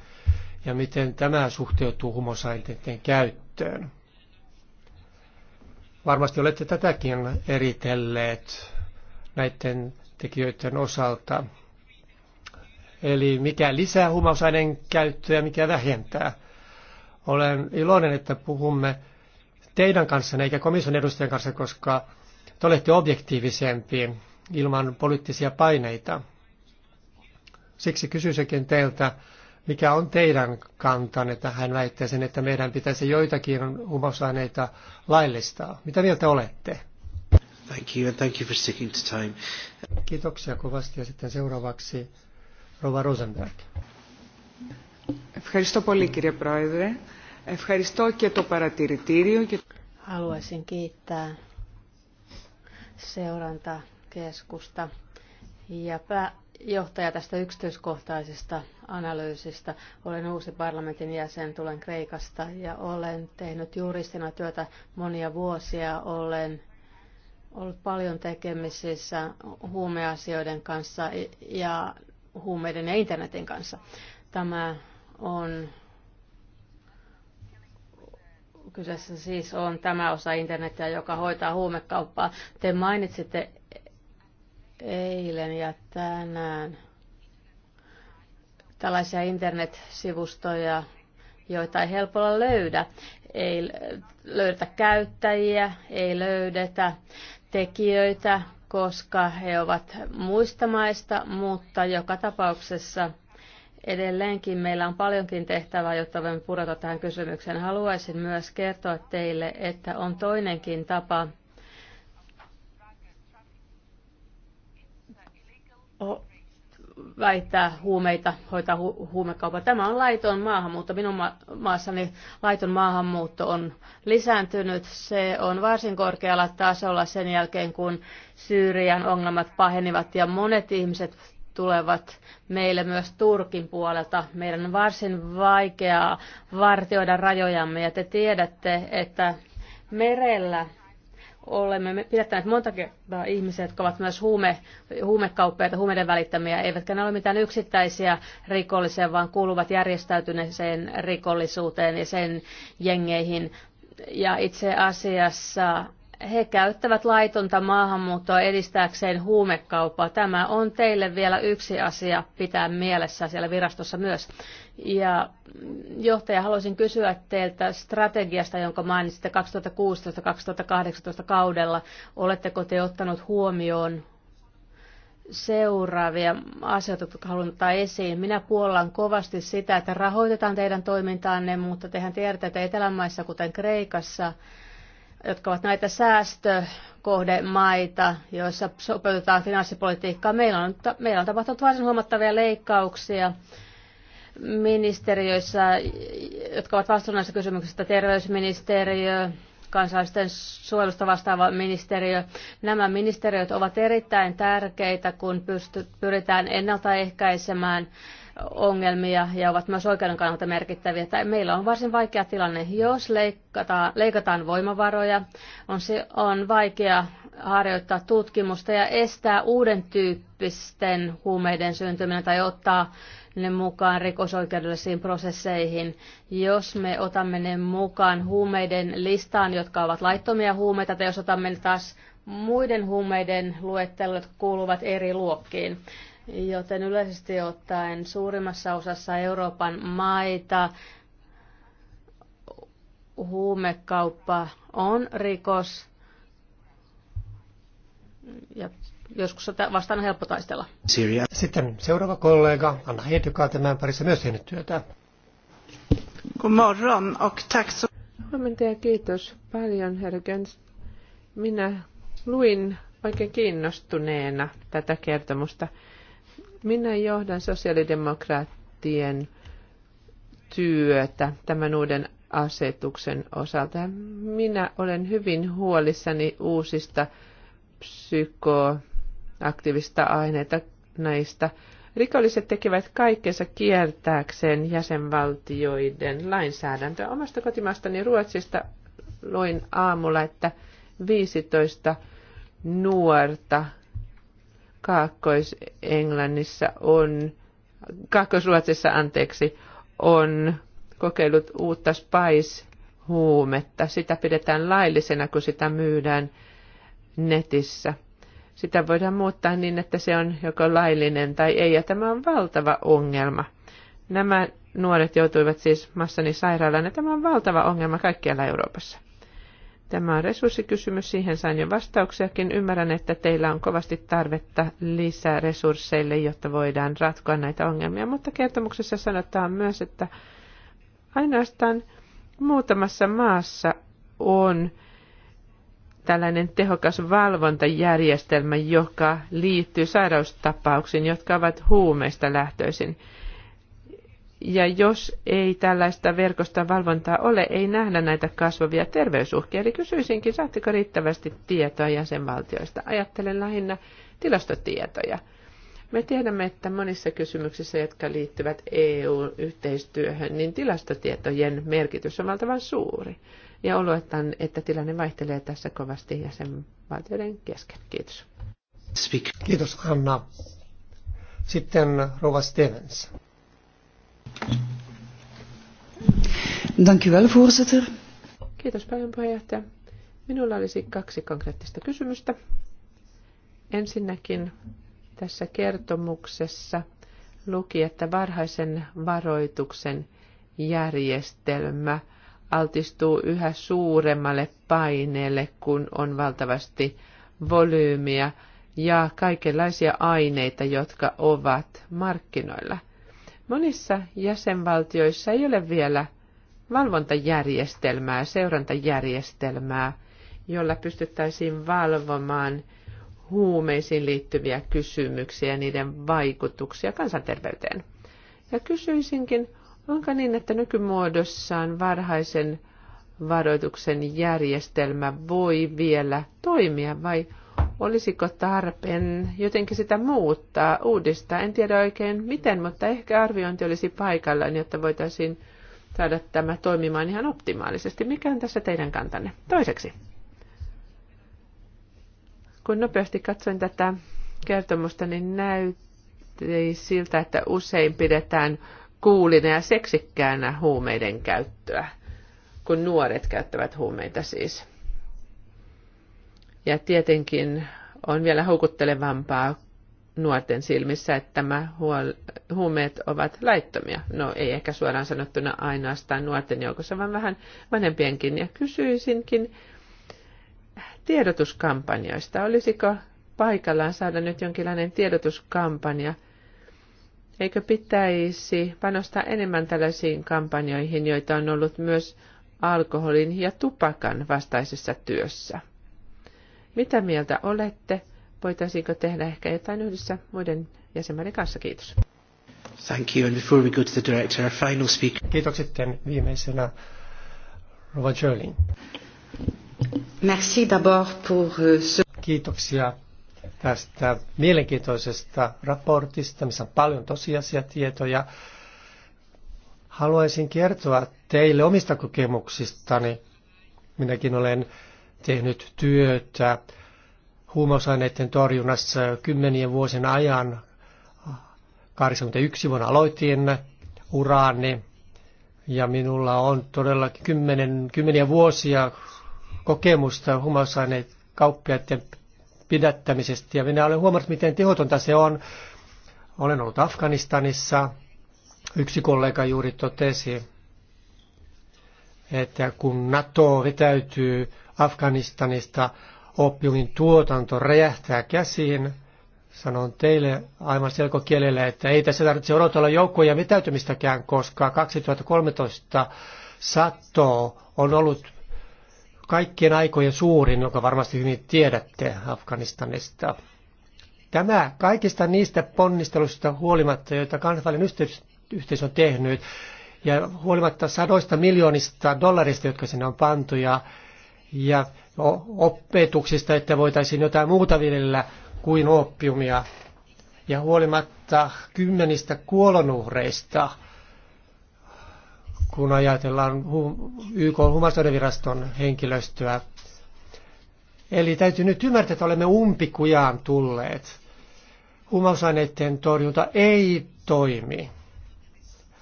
ja miten tämä suhteutuu humosainteiden käyttöön. Varmasti olette tätäkin eritelleet näiden tekijöiden osalta. Eli mikä lisää humausaineen käyttöä ja mikä vähentää. Olen iloinen, että puhumme teidän kanssanne eikä komission edustajan kanssa, koska te olette objektiivisempi ilman poliittisia paineita. Siksi kysyisinkin teiltä, mikä on teidän kantanne tähän väitteeseen, että meidän pitäisi joitakin huumausaineita laillistaa? Mitä mieltä olette? Thank you and thank you for sticking to time. Kiitoksia kovasti ja sitten seuraavaksi Rova Rosenberg. Ευχαριστώ πολύ κύριε Πρόεδρε. Ευχαριστώ και το παρατηρητήριο. Haluaisin kiittää seurantakeskusta ja pääjohtaja tästä yksityiskohtaisesta analyysistä. Olen uusi parlamentin jäsen, tulen Kreikasta ja olen tehnyt juristina työtä monia vuosia. Olen ollut paljon tekemisissä huumeasioiden kanssa ja huumeiden ja internetin kanssa. Tämä on Kyseessä siis on tämä osa internetiä, joka hoitaa huumekauppaa. Te mainitsitte eilen ja tänään tällaisia internetsivustoja, joita ei helpolla löydä. Ei löydetä käyttäjiä, ei löydetä tekijöitä, koska he ovat muista maista, mutta joka tapauksessa – Edelleenkin meillä on paljonkin tehtävää, jotta voimme purata tähän kysymykseen. Haluaisin myös kertoa teille, että on toinenkin tapa väittää huumeita, hoitaa hu- huumekauppaa. Tämä on laiton maahanmuutto. Minun ma- maassani laiton maahanmuutto on lisääntynyt. Se on varsin korkealla tasolla sen jälkeen, kun Syyrian ongelmat pahenivat ja monet ihmiset tulevat meille myös Turkin puolelta. Meidän on varsin vaikeaa vartioida rajojamme ja te tiedätte, että merellä olemme pidättäneet monta kertaa ihmisiä, jotka ovat myös huume, huumekauppiaita, huumeiden välittämiä, eivätkä ne ole mitään yksittäisiä rikollisia, vaan kuuluvat järjestäytyneeseen rikollisuuteen ja sen jengeihin. Ja itse asiassa he käyttävät laitonta maahanmuuttoa edistääkseen huumekauppaa. Tämä on teille vielä yksi asia pitää mielessä siellä virastossa myös. Ja johtaja, haluaisin kysyä teiltä strategiasta, jonka mainitsitte 2016-2018 kaudella. Oletteko te ottanut huomioon seuraavia asioita, jotka haluan ottaa esiin. Minä puollan kovasti sitä, että rahoitetaan teidän toimintaanne, mutta tehän tiedätte, että Etelämaissa, kuten Kreikassa, jotka ovat näitä säästökohdemaita, joissa sopeutetaan finanssipolitiikkaa. Meillä on, meillä on tapahtunut varsin huomattavia leikkauksia ministeriöissä, jotka ovat vastuunnassa kysymyksistä terveysministeriö, kansallisten suojelusta vastaava ministeriö. Nämä ministeriöt ovat erittäin tärkeitä, kun pyritään ennaltaehkäisemään ongelmia ja ovat myös oikeuden kannalta merkittäviä. Tai meillä on varsin vaikea tilanne, jos leikataan, leikataan voimavaroja, on, se, on vaikea harjoittaa tutkimusta ja estää uuden tyyppisten huumeiden syntyminen tai ottaa ne mukaan rikosoikeudellisiin prosesseihin. Jos me otamme ne mukaan huumeiden listaan, jotka ovat laittomia huumeita, tai jos otamme ne taas muiden huumeiden luettelot kuuluvat eri luokkiin. Joten yleisesti ottaen suurimmassa osassa Euroopan maita huumekauppa on rikos ja joskus vastaan on helppo taistella. Syria. Sitten seuraava kollega Anna Heetykaa tämän parissa myös tehnyt työtä. Huomenta ja kiitos paljon, herra Minä luin oikein kiinnostuneena tätä kertomusta. Minä johdan sosiaalidemokraattien työtä tämän uuden asetuksen osalta. Minä olen hyvin huolissani uusista psykoaktiivista aineita näistä. Rikolliset tekevät kaikkensa kiertääkseen jäsenvaltioiden lainsäädäntöä. Omasta kotimaastani Ruotsista luin aamulla, että 15 nuorta Kaakkois-Englannissa on, Kaakkois-Ruotsissa anteeksi, on kokeillut uutta spice-huumetta. Sitä pidetään laillisena, kun sitä myydään netissä. Sitä voidaan muuttaa niin, että se on joko laillinen tai ei, ja tämä on valtava ongelma. Nämä nuoret joutuivat siis massani sairaalaan, ja tämä on valtava ongelma kaikkialla Euroopassa. Tämä on resurssikysymys, siihen sain jo vastauksiakin. Ymmärrän, että teillä on kovasti tarvetta lisää resursseille, jotta voidaan ratkoa näitä ongelmia, mutta kertomuksessa sanotaan myös, että ainoastaan muutamassa maassa on tällainen tehokas valvontajärjestelmä, joka liittyy sairaustapauksiin, jotka ovat huumeista lähtöisin. Ja jos ei tällaista verkosta valvontaa ole, ei nähdä näitä kasvavia terveysuhkia. Eli kysyisinkin, saatteko riittävästi tietoa jäsenvaltioista? Ajattelen lähinnä tilastotietoja. Me tiedämme, että monissa kysymyksissä, jotka liittyvät EU-yhteistyöhön, niin tilastotietojen merkitys on valtavan suuri. Ja oletan, että tilanne vaihtelee tässä kovasti jäsenvaltioiden kesken. Kiitos. Kiitos Anna. Sitten Rova Stevens. Dank u wel, voorzitter. Kiitos paljon puheenjohtaja. Minulla olisi kaksi konkreettista kysymystä. Ensinnäkin tässä kertomuksessa luki, että varhaisen varoituksen järjestelmä altistuu yhä suuremmalle paineelle, kun on valtavasti volyymiä ja kaikenlaisia aineita, jotka ovat markkinoilla. Monissa jäsenvaltioissa ei ole vielä valvontajärjestelmää, seurantajärjestelmää, jolla pystyttäisiin valvomaan huumeisiin liittyviä kysymyksiä ja niiden vaikutuksia kansanterveyteen. Ja kysyisinkin, onko niin, että nykymuodossaan varhaisen varoituksen järjestelmä voi vielä toimia vai Olisiko tarpeen jotenkin sitä muuttaa, uudistaa? En tiedä oikein miten, mutta ehkä arviointi olisi paikallaan, jotta voitaisiin saada tämä toimimaan ihan optimaalisesti. Mikä on tässä teidän kantanne? Toiseksi, kun nopeasti katsoin tätä kertomusta, niin näytti siltä, että usein pidetään kuulina ja seksikkäänä huumeiden käyttöä, kun nuoret käyttävät huumeita siis. Ja tietenkin on vielä houkuttelevampaa nuorten silmissä, että tämä huol- huumeet ovat laittomia. No ei ehkä suoraan sanottuna ainoastaan nuorten joukossa, vaan vähän vanhempienkin. Ja kysyisinkin tiedotuskampanjoista. Olisiko paikallaan saada nyt jonkinlainen tiedotuskampanja? Eikö pitäisi panostaa enemmän tällaisiin kampanjoihin, joita on ollut myös alkoholin ja tupakan vastaisessa työssä? Mitä mieltä olette? Voitaisiinko tehdä ehkä jotain yhdessä muiden jäsenmaiden kanssa? Kiitos. Thank you. And before we go to the director, our final speaker. Kiitos sitten viimeisenä Rova Jolin. Merci d'abord pour euh, ce... Kiitoksia tästä mielenkiintoisesta raportista, missä on paljon tosiasiatietoja. Haluaisin kertoa teille omista kokemuksistani. Minäkin olen tehnyt työtä huumausaineiden torjunnassa kymmenien vuosien ajan. 81 vuonna aloitin uraani ja minulla on todella kymmenen, kymmeniä vuosia kokemusta huumausaineiden kauppiaiden pidättämisestä. Ja minä olen huomannut, miten tehotonta se on. Olen ollut Afganistanissa. Yksi kollega juuri totesi, että kun NATO vetäytyy Afganistanista oppiumin tuotanto räjähtää käsiin. Sanon teille aivan selkokielellä, että ei tässä tarvitse odotella joukkoja vetäytymistäkään, koska 2013 sato on ollut kaikkien aikojen suurin, jonka varmasti hyvin tiedätte Afganistanista. Tämä kaikista niistä ponnisteluista huolimatta, joita kansainvälinen yhteisö on tehnyt, ja huolimatta sadoista miljoonista dollarista, jotka sinne on pantu, ja ja opetuksista, että voitaisiin jotain muuta viljellä kuin oppiumia. Ja huolimatta kymmenistä kuolonuhreista, kun ajatellaan YK humanitaariviraston henkilöstöä. Eli täytyy nyt ymmärtää, että olemme umpikujaan tulleet. Humausaineiden torjunta ei toimi.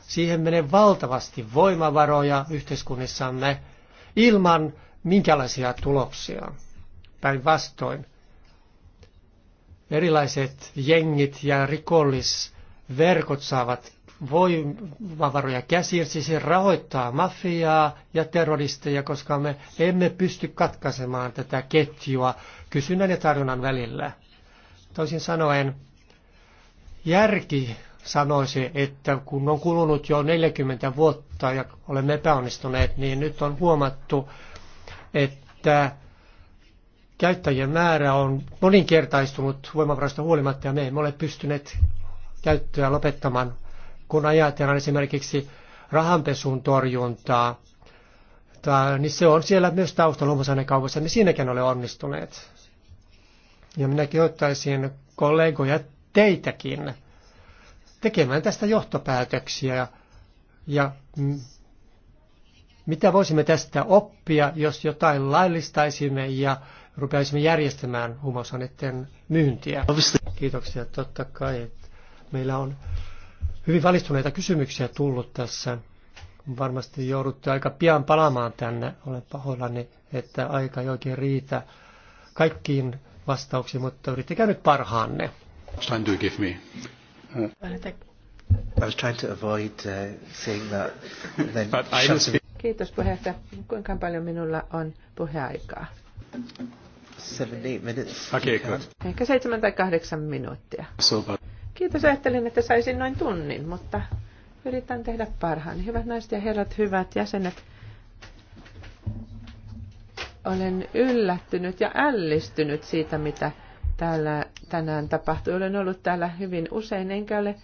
Siihen menee valtavasti voimavaroja yhteiskunnissamme ilman, minkälaisia tuloksia. Päinvastoin erilaiset jengit ja rikollisverkot saavat voimavaroja käsiin, siis se rahoittaa mafiaa ja terroristeja, koska me emme pysty katkaisemaan tätä ketjua kysynnän ja tarjonnan välillä. Toisin sanoen, järki sanoisi, että kun on kulunut jo 40 vuotta ja olemme epäonnistuneet, niin nyt on huomattu, että käyttäjien määrä on moninkertaistunut voimavaroista huolimatta ja me emme ole pystyneet käyttöä lopettamaan, kun ajatellaan esimerkiksi rahanpesun torjuntaa, niin se on siellä myös taustalla kaupassa, niin siinäkin ole onnistuneet. Ja minä kehottaisin kollegoja teitäkin tekemään tästä johtopäätöksiä ja mitä voisimme tästä oppia, jos jotain laillistaisimme ja rupeaisimme järjestämään huumausaineiden myyntiä? Kiitoksia. Totta kai. että Meillä on hyvin valistuneita kysymyksiä tullut tässä. Varmasti joudutte aika pian palaamaan tänne. Olen pahoillani, että aika ei oikein riitä kaikkiin vastauksiin, mutta yrittäkää nyt parhaanne. give me. Uh, I was trying to avoid uh, saying that. Then but I Kiitos puheenjohtaja. Kuinka paljon minulla on puheaikaa? Ehkä seitsemän tai kahdeksan minuuttia. Kiitos, ajattelin, että saisin noin tunnin, mutta yritän tehdä parhaani. Hyvät naiset ja herrat, hyvät jäsenet, olen yllättynyt ja ällistynyt siitä, mitä täällä tänään tapahtui. Olen ollut täällä hyvin usein, enkä ole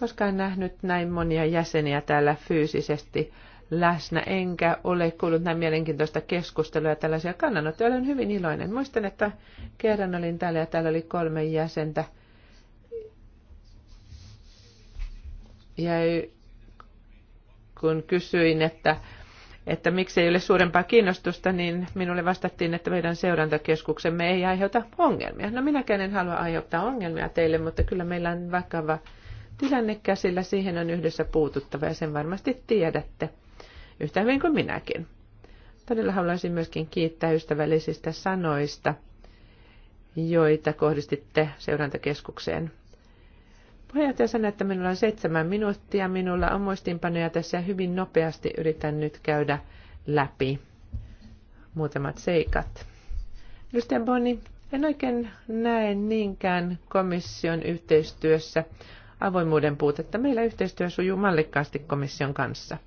koskaan nähnyt näin monia jäseniä täällä fyysisesti läsnä, enkä ole kuullut näin mielenkiintoista keskustelua ja tällaisia kannanottoja. Olen hyvin iloinen. Muistan, että kerran olin täällä ja täällä oli kolme jäsentä. Ja kun kysyin, että, että miksi ei ole suurempaa kiinnostusta, niin minulle vastattiin, että meidän seurantakeskuksemme ei aiheuta ongelmia. No minäkään en halua aiheuttaa ongelmia teille, mutta kyllä meillä on vakava tilanne käsillä. Siihen on yhdessä puututtava ja sen varmasti tiedätte yhtä hyvin kuin minäkin. Todella haluaisin myöskin kiittää ystävällisistä sanoista, joita kohdistitte seurantakeskukseen. Puheenjohtaja sanoi, että minulla on seitsemän minuuttia. Minulla on muistiinpanoja tässä hyvin nopeasti yritän nyt käydä läpi muutamat seikat. Edustaja Boni, en oikein näe niinkään komission yhteistyössä avoimuuden puutetta. Meillä yhteistyö sujuu mallikkaasti komission kanssa –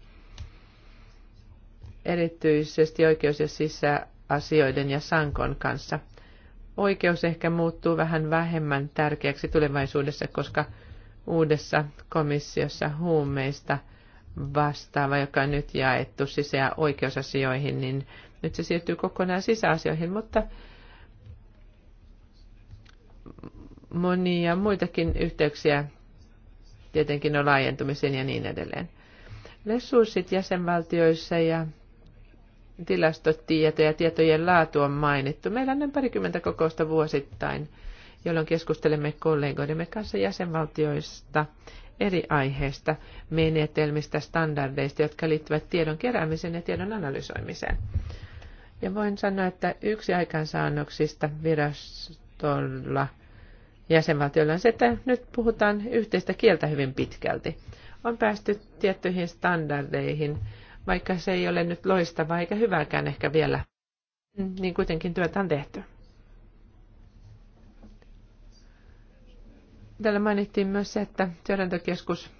erityisesti oikeus- ja sisäasioiden ja sankon kanssa. Oikeus ehkä muuttuu vähän vähemmän tärkeäksi tulevaisuudessa, koska uudessa komissiossa huumeista vastaava, joka on nyt jaettu sisä- ja oikeusasioihin, niin nyt se siirtyy kokonaan sisäasioihin, mutta monia muitakin yhteyksiä tietenkin on laajentumisen ja niin edelleen. Resurssit jäsenvaltioissa ja tilastotieto ja tietojen laatu on mainittu. Meillä on parikymmentä kokousta vuosittain, jolloin keskustelemme kollegoidemme kanssa jäsenvaltioista eri aiheista, menetelmistä, standardeista, jotka liittyvät tiedon keräämiseen ja tiedon analysoimiseen. Ja voin sanoa, että yksi aikansaannoksista virastolla jäsenvaltiolla on se, että nyt puhutaan yhteistä kieltä hyvin pitkälti. On päästy tiettyihin standardeihin, vaikka se ei ole nyt loistavaa eikä hyvääkään ehkä vielä, niin kuitenkin työtä on tehty. Täällä mainittiin myös se, että työrentökeskus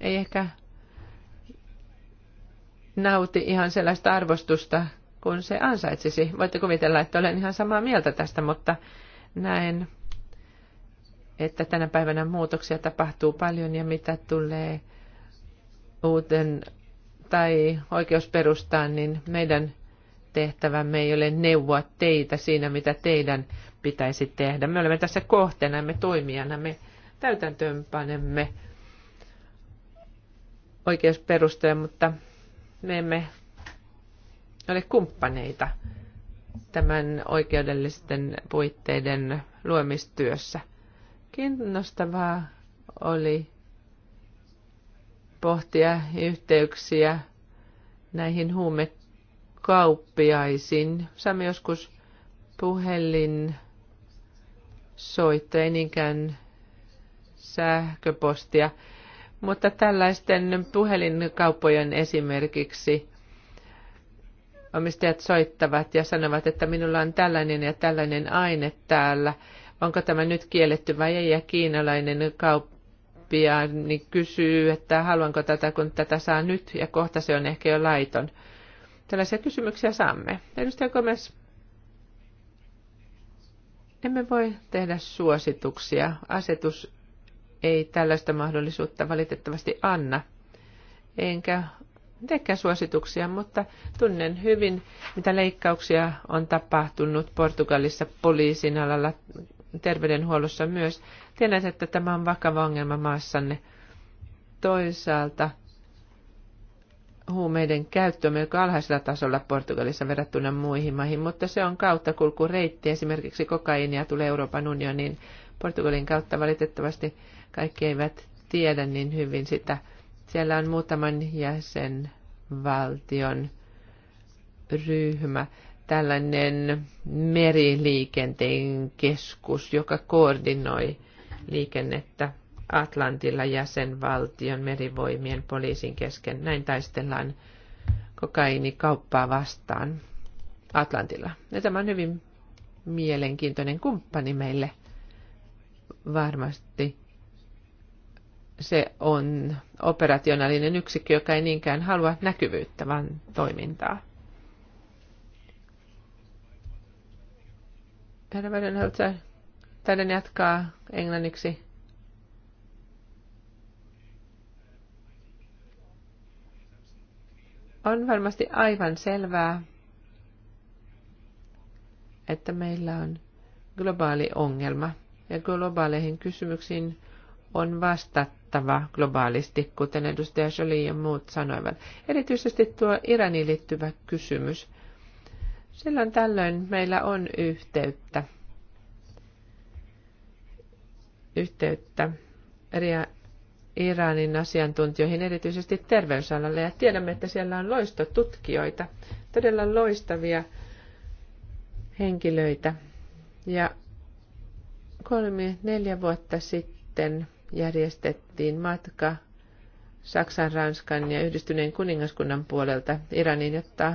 ei ehkä nauti ihan sellaista arvostusta kuin se ansaitsisi. Voitte kuvitella, että olen ihan samaa mieltä tästä, mutta näen, että tänä päivänä muutoksia tapahtuu paljon ja mitä tulee uuden tai oikeusperustaan, niin meidän tehtävämme ei ole neuvoa teitä siinä, mitä teidän pitäisi tehdä. Me olemme tässä kohteena, me toimijana, me täytäntöönpanemme oikeusperustoja, mutta me emme ole kumppaneita tämän oikeudellisten puitteiden luomistyössä. Kiinnostavaa oli pohtia yhteyksiä näihin huumekauppiaisiin. Saamme joskus puhelin soittoja, niinkään sähköpostia. Mutta tällaisten puhelinkauppojen esimerkiksi omistajat soittavat ja sanovat, että minulla on tällainen ja tällainen aine täällä. Onko tämä nyt kielletty vai ei? Ja kiinalainen kaup- kauppia, niin kysyy, että haluanko tätä, kun tätä saa nyt, ja kohta se on ehkä jo laiton. Tällaisia kysymyksiä saamme. Edustaja Gomez, emme voi tehdä suosituksia. Asetus ei tällaista mahdollisuutta valitettavasti anna. Enkä tekään suosituksia, mutta tunnen hyvin, mitä leikkauksia on tapahtunut Portugalissa poliisin alalla, terveydenhuollossa myös. Tiedän, että tämä on vakava ongelma maassanne. Toisaalta huumeiden käyttö on melko alhaisella tasolla Portugalissa verrattuna muihin maihin, mutta se on kautta kulku reitti. Esimerkiksi kokaiinia tulee Euroopan unioniin Portugalin kautta. Valitettavasti kaikki eivät tiedä niin hyvin sitä. Siellä on muutaman jäsenvaltion ryhmä, tällainen meriliikenteen keskus, joka koordinoi liikennettä Atlantilla jäsenvaltion merivoimien poliisin kesken. Näin taistellaan kokainikauppaa vastaan Atlantilla. Ja tämä on hyvin mielenkiintoinen kumppani meille. Varmasti se on operationaalinen yksikkö, joka ei niinkään halua näkyvyyttä, vaan toimintaa. Herra Weidenholzer, taidan jatkaa englanniksi. On varmasti aivan selvää, että meillä on globaali ongelma ja globaaleihin kysymyksiin on vastattava globaalisti, kuten edustaja Jolie ja muut sanoivat. Erityisesti tuo Iraniin liittyvä kysymys – Silloin tällöin meillä on yhteyttä. Yhteyttä eri Iranin asiantuntijoihin, erityisesti terveysalalle. Ja tiedämme, että siellä on loistotutkijoita, todella loistavia henkilöitä. Ja kolme, neljä vuotta sitten järjestettiin matka Saksan, Ranskan ja Yhdistyneen kuningaskunnan puolelta Iraniin, jotta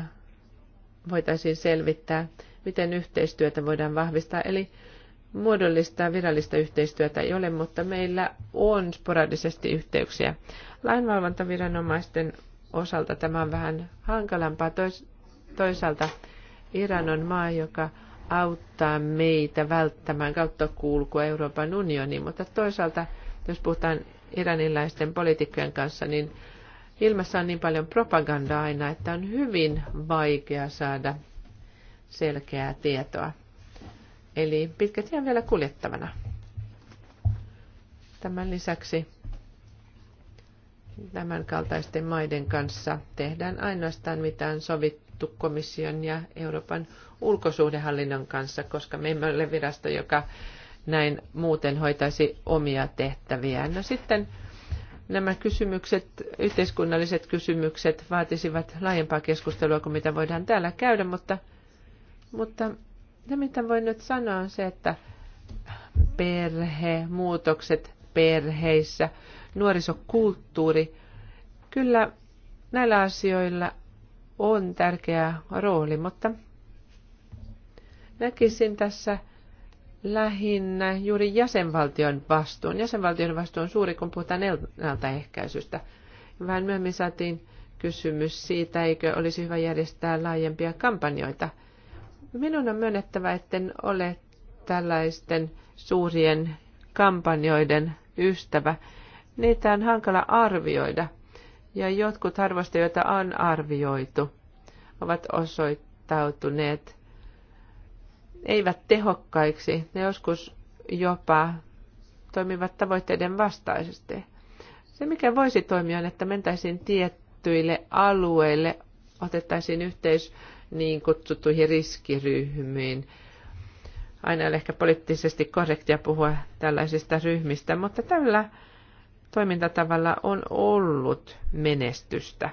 voitaisiin selvittää, miten yhteistyötä voidaan vahvistaa. Eli muodollista virallista yhteistyötä ei ole, mutta meillä on sporadisesti yhteyksiä. Lainvalvontaviranomaisten osalta tämä on vähän hankalampaa. Tois, toisaalta Iran on maa, joka auttaa meitä välttämään kautta kulkua Euroopan unioniin, mutta toisaalta, jos puhutaan iranilaisten poliitikkojen kanssa, niin Ilmassa on niin paljon propagandaa aina, että on hyvin vaikea saada selkeää tietoa. Eli pitkä tie on vielä kuljettavana. Tämän lisäksi tämän kaltaisten maiden kanssa tehdään ainoastaan mitään sovittu komission ja Euroopan ulkosuhdehallinnon kanssa, koska me emme ole virasto, joka näin muuten hoitaisi omia tehtäviään. No sitten Nämä kysymykset, yhteiskunnalliset kysymykset vaatisivat laajempaa keskustelua kuin mitä voidaan täällä käydä, mutta, mutta se mitä voin nyt sanoa on se, että perhe, muutokset perheissä, nuorisokulttuuri, kyllä näillä asioilla on tärkeä rooli, mutta näkisin tässä – lähinnä juuri jäsenvaltion vastuun. Jäsenvaltion vastuu on suuri, kun puhutaan ennaltaehkäisystä. Vähän myöhemmin saatiin kysymys siitä, eikö olisi hyvä järjestää laajempia kampanjoita. Minun on myönnettävä, etten ole tällaisten suurien kampanjoiden ystävä. Niitä on hankala arvioida, ja jotkut arvosta, joita on arvioitu, ovat osoittautuneet – eivät tehokkaiksi, ne joskus jopa toimivat tavoitteiden vastaisesti. Se, mikä voisi toimia, on, että mentäisiin tiettyille alueille, otettaisiin yhteys niin kutsuttuihin riskiryhmiin. Aina ei ehkä poliittisesti korrektia puhua tällaisista ryhmistä, mutta tällä toimintatavalla on ollut menestystä.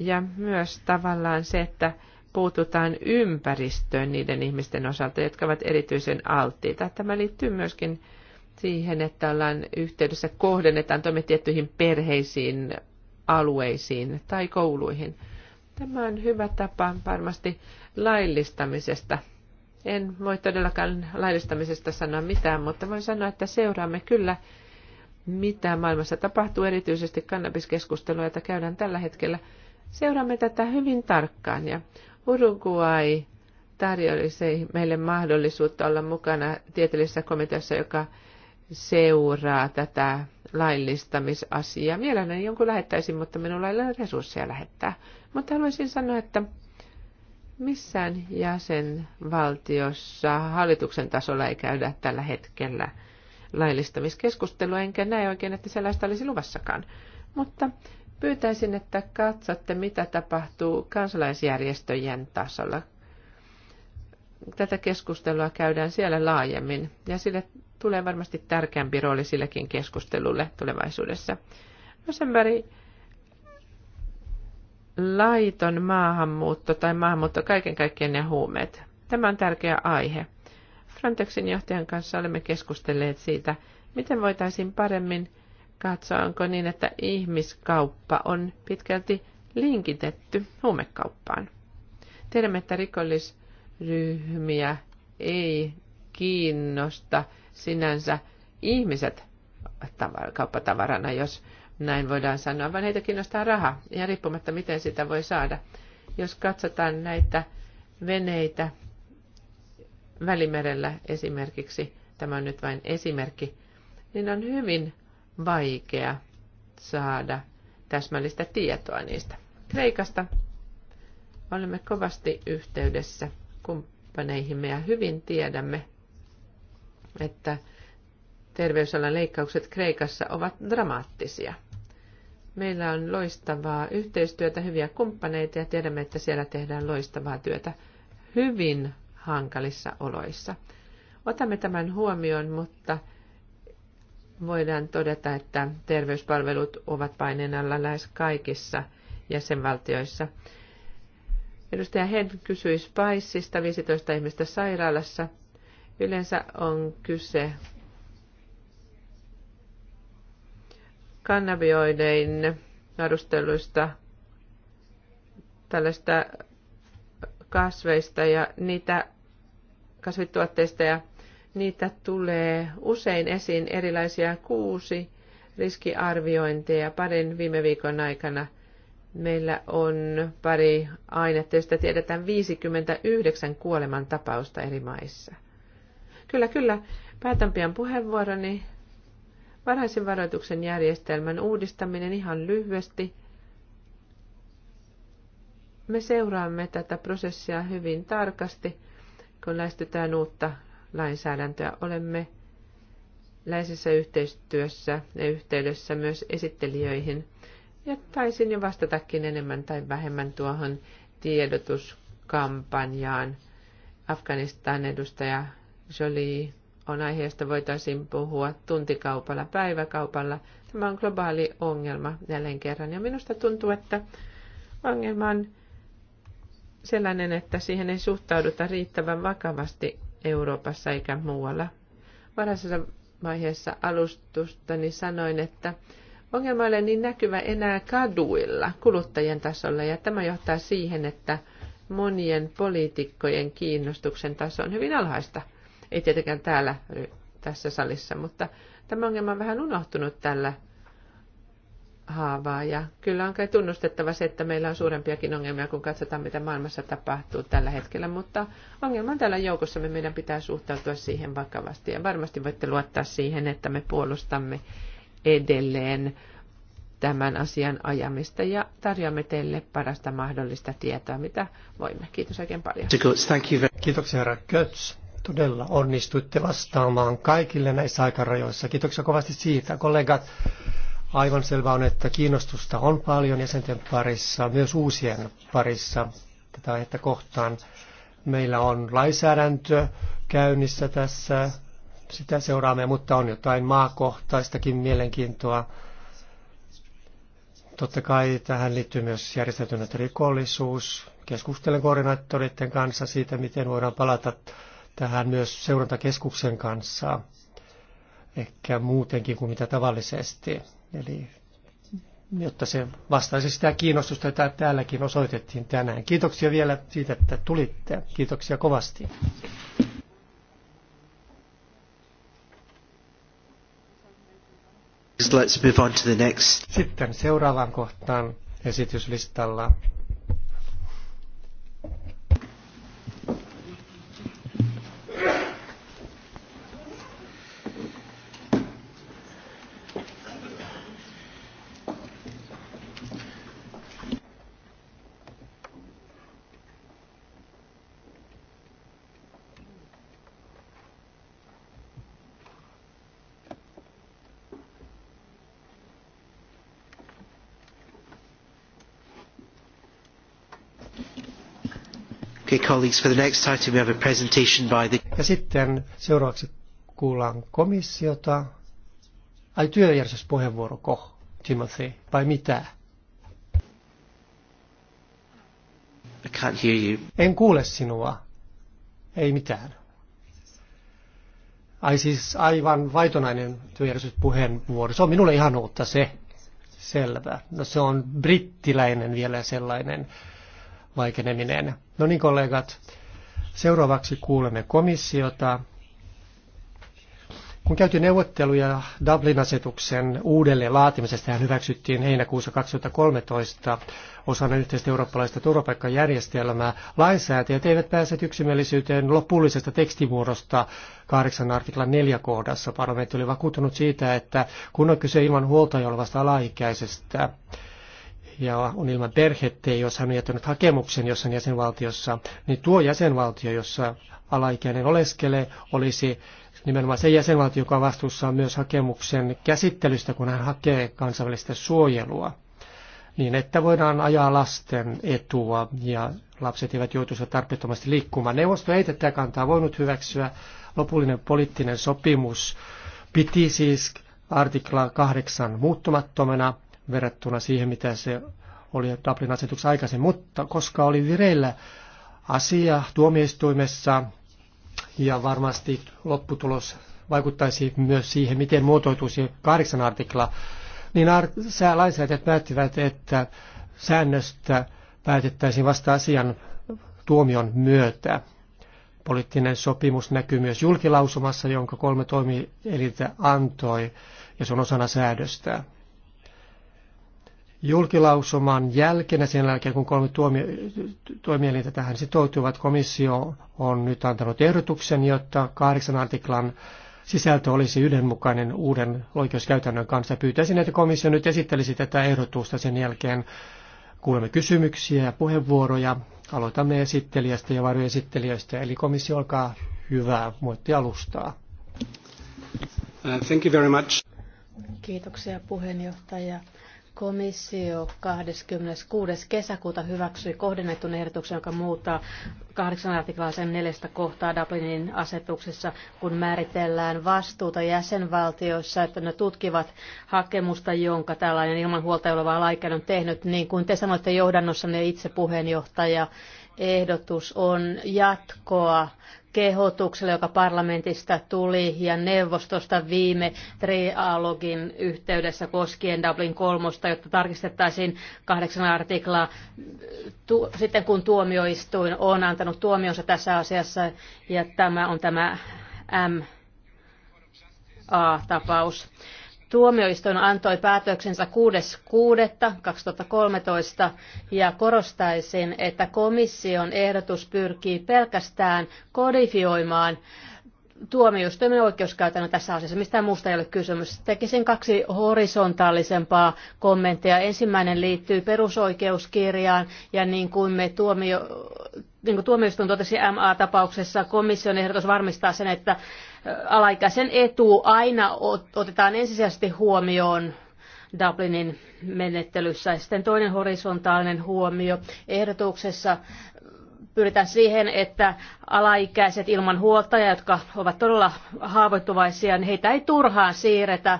Ja myös tavallaan se, että puututaan ympäristöön niiden ihmisten osalta, jotka ovat erityisen alttiita. Tämä liittyy myöskin siihen, että ollaan yhteydessä, kohdennetaan toimet tiettyihin perheisiin, alueisiin tai kouluihin. Tämä on hyvä tapa varmasti laillistamisesta. En voi todellakaan laillistamisesta sanoa mitään, mutta voin sanoa, että seuraamme kyllä, mitä maailmassa tapahtuu, erityisesti kannabiskeskustelua, jota käydään tällä hetkellä. Seuraamme tätä hyvin tarkkaan ja Uruguay tarjosi meille mahdollisuutta olla mukana tieteellisessä komiteassa, joka seuraa tätä laillistamisasiaa. Mielelläni jonkun lähettäisin, mutta minulla ei ole resursseja lähettää. Mutta haluaisin sanoa, että missään jäsenvaltiossa hallituksen tasolla ei käydä tällä hetkellä laillistamiskeskustelua, enkä näe oikein, että sellaista olisi luvassakaan. Mutta Pyytäisin, että katsotte, mitä tapahtuu kansalaisjärjestöjen tasolla. Tätä keskustelua käydään siellä laajemmin ja sille tulee varmasti tärkeämpi rooli silläkin keskustelulle tulevaisuudessa. Rosenberg, no, laiton maahanmuutto tai maahanmuutto kaiken kaikkiaan ja huumeet. Tämä on tärkeä aihe. Frontexin johtajan kanssa olemme keskustelleet siitä, miten voitaisiin paremmin katsoa, onko niin, että ihmiskauppa on pitkälti linkitetty huumekauppaan. Tiedämme, että rikollisryhmiä ei kiinnosta sinänsä ihmiset kauppatavarana, jos näin voidaan sanoa, vaan heitä kiinnostaa raha, ja riippumatta miten sitä voi saada. Jos katsotaan näitä veneitä Välimerellä esimerkiksi, tämä on nyt vain esimerkki, niin on hyvin vaikea saada täsmällistä tietoa niistä. Kreikasta olemme kovasti yhteydessä kumppaneihimme ja hyvin tiedämme, että terveysalan leikkaukset Kreikassa ovat dramaattisia. Meillä on loistavaa yhteistyötä, hyviä kumppaneita ja tiedämme, että siellä tehdään loistavaa työtä hyvin hankalissa oloissa. Otamme tämän huomioon, mutta voidaan todeta, että terveyspalvelut ovat paineen alla lähes kaikissa jäsenvaltioissa. Edustaja Hed kysyi Spiceista 15 ihmistä sairaalassa. Yleensä on kyse kannabioidein, varusteluista, tällaista kasveista ja niitä kasvituotteista ja Niitä tulee usein esiin erilaisia kuusi riskiarviointeja. Parin viime viikon aikana meillä on pari ainetta, joista tiedetään 59 kuoleman tapausta eri maissa. Kyllä, kyllä. Päätän pian puheenvuoroni. Varhaisen varoituksen järjestelmän uudistaminen ihan lyhyesti. Me seuraamme tätä prosessia hyvin tarkasti, kun lähestytään uutta lainsäädäntöä. Olemme läisessä yhteistyössä ja yhteydessä myös esittelijöihin. Ja taisin jo vastatakin enemmän tai vähemmän tuohon tiedotuskampanjaan. Afganistan edustaja Jolie on aiheesta voitaisiin puhua tuntikaupalla, päiväkaupalla. Tämä on globaali ongelma jälleen kerran. Ja minusta tuntuu, että ongelma on sellainen, että siihen ei suhtauduta riittävän vakavasti, Euroopassa eikä muualla. Varhaisessa vaiheessa alustustani sanoin, että ongelma ei ole niin näkyvä enää kaduilla kuluttajien tasolla ja tämä johtaa siihen, että monien poliitikkojen kiinnostuksen taso on hyvin alhaista. Ei tietenkään täällä tässä salissa, mutta tämä ongelma on vähän unohtunut tällä haavaa. Ja kyllä on kai tunnustettava se, että meillä on suurempiakin ongelmia, kun katsotaan, mitä maailmassa tapahtuu tällä hetkellä. Mutta ongelma on täällä joukossa, me meidän pitää suhtautua siihen vakavasti. Ja varmasti voitte luottaa siihen, että me puolustamme edelleen tämän asian ajamista ja tarjoamme teille parasta mahdollista tietoa, mitä voimme. Kiitos oikein paljon. Kiitoksia herra Köts. Todella onnistuitte vastaamaan kaikille näissä aikarajoissa. Kiitoksia kovasti siitä, kollegat. Aivan selvää on, että kiinnostusta on paljon jäsenten parissa, myös uusien parissa tätä aihetta kohtaan. Meillä on lainsäädäntö käynnissä tässä, sitä seuraamme, mutta on jotain maakohtaistakin mielenkiintoa. Totta kai tähän liittyy myös järjestäytynyt rikollisuus. Keskustelen koordinaattoreiden kanssa siitä, miten voidaan palata tähän myös seurantakeskuksen kanssa. Ehkä muutenkin kuin mitä tavallisesti. Eli jotta se vastaisi sitä kiinnostusta, jota täälläkin osoitettiin tänään. Kiitoksia vielä siitä, että tulitte. Kiitoksia kovasti. Sitten seuraavaan kohtaan esityslistalla. colleagues. For the next item we have a presentation by the... Ja sitten seuraavaksi kuullaan komissiota. Ai Koh, Timothy, vai mitä? I can't hear you. En kuule sinua. Ei mitään. Ai siis aivan vaitonainen työjärjestyspuheenvuoro. Se on minulle ihan uutta se. Selvä. No se on brittiläinen vielä sellainen vaikeneminen. No niin kollegat, seuraavaksi kuulemme komissiota. Kun käytiin neuvotteluja Dublin-asetuksen uudelleen laatimisesta, hän hyväksyttiin heinäkuussa 2013 osana yhteistä eurooppalaista turvapaikkajärjestelmää. Lainsäätäjät eivät pääse yksimielisyyteen lopullisesta tekstimuodosta 8 artiklan 4 kohdassa. Parlamentti oli vakuuttunut siitä, että kun on kyse ilman huoltaja olevasta alaikäisestä, ja on ilman perhettä, jos hän on jättänyt hakemuksen jossain jäsenvaltiossa, niin tuo jäsenvaltio, jossa alaikäinen oleskelee, olisi nimenomaan se jäsenvaltio, joka on vastuussa myös hakemuksen käsittelystä, kun hän hakee kansainvälistä suojelua, niin että voidaan ajaa lasten etua ja lapset eivät joutuisi tarpeettomasti liikkumaan. Neuvosto ei tätä kantaa voinut hyväksyä. Lopullinen poliittinen sopimus piti siis artikla 8 muuttumattomana – verrattuna siihen, mitä se oli Dublin asetuksen aikaisemmin, mutta koska oli vireillä asia tuomioistuimessa ja varmasti lopputulos vaikuttaisi myös siihen, miten muotoituisi kahdeksan artikla, niin ar- lainsäätäjät päättivät, että säännöstä päätettäisiin vasta asian tuomion myötä. Poliittinen sopimus näkyy myös julkilausumassa, jonka kolme toimielintä antoi, ja se on osana säädöstä julkilausuman jälkeen ja sen jälkeen, kun kolme tuomio, toimielintä tähän sitoutuivat, komissio on nyt antanut ehdotuksen, jotta kahdeksan artiklan sisältö olisi yhdenmukainen uuden oikeuskäytännön kanssa. Pyytäisin, että komissio nyt esittelisi tätä ehdotusta sen jälkeen. Kuulemme kysymyksiä ja puheenvuoroja. Aloitamme esittelijästä ja varjoesittelijöistä. Eli komissio, olkaa hyvää Voitte alustaa. Uh, thank you very much. Kiitoksia puheenjohtaja. Komissio 26. kesäkuuta hyväksyi kohdennetun ehdotuksen, joka muuttaa 8 artiklaa sen neljästä kohtaa Dublinin asetuksessa, kun määritellään vastuuta jäsenvaltioissa, että ne tutkivat hakemusta, jonka tällainen ilman huolta oleva alaikäinen on tehnyt. Niin kuin te sanoitte johdannossanne itse puheenjohtaja, ehdotus on jatkoa kehotukselle, joka parlamentista tuli ja neuvostosta viime trialogin yhteydessä koskien Dublin kolmosta, jotta tarkistettaisiin kahdeksan artiklaa tu- sitten kun tuomioistuin on antanut tuomionsa tässä asiassa ja tämä on tämä MA-tapaus Tuomioistuin antoi päätöksensä 6.6.2013 ja korostaisin, että komission ehdotus pyrkii pelkästään kodifioimaan tuomioistuimen oikeuskäytännön tässä asiassa. Mistään muusta ei ole kysymys. Tekisin kaksi horisontaalisempaa kommenttia. Ensimmäinen liittyy perusoikeuskirjaan ja niin kuin me tuomio, niin kuin tuomioistuin totesi MA-tapauksessa, komission ehdotus varmistaa sen, että alaikäisen etu aina otetaan ensisijaisesti huomioon Dublinin menettelyssä. Ja sitten toinen horisontaalinen huomio ehdotuksessa pyritään siihen, että alaikäiset ilman huoltajaa, jotka ovat todella haavoittuvaisia, niin heitä ei turhaan siirretä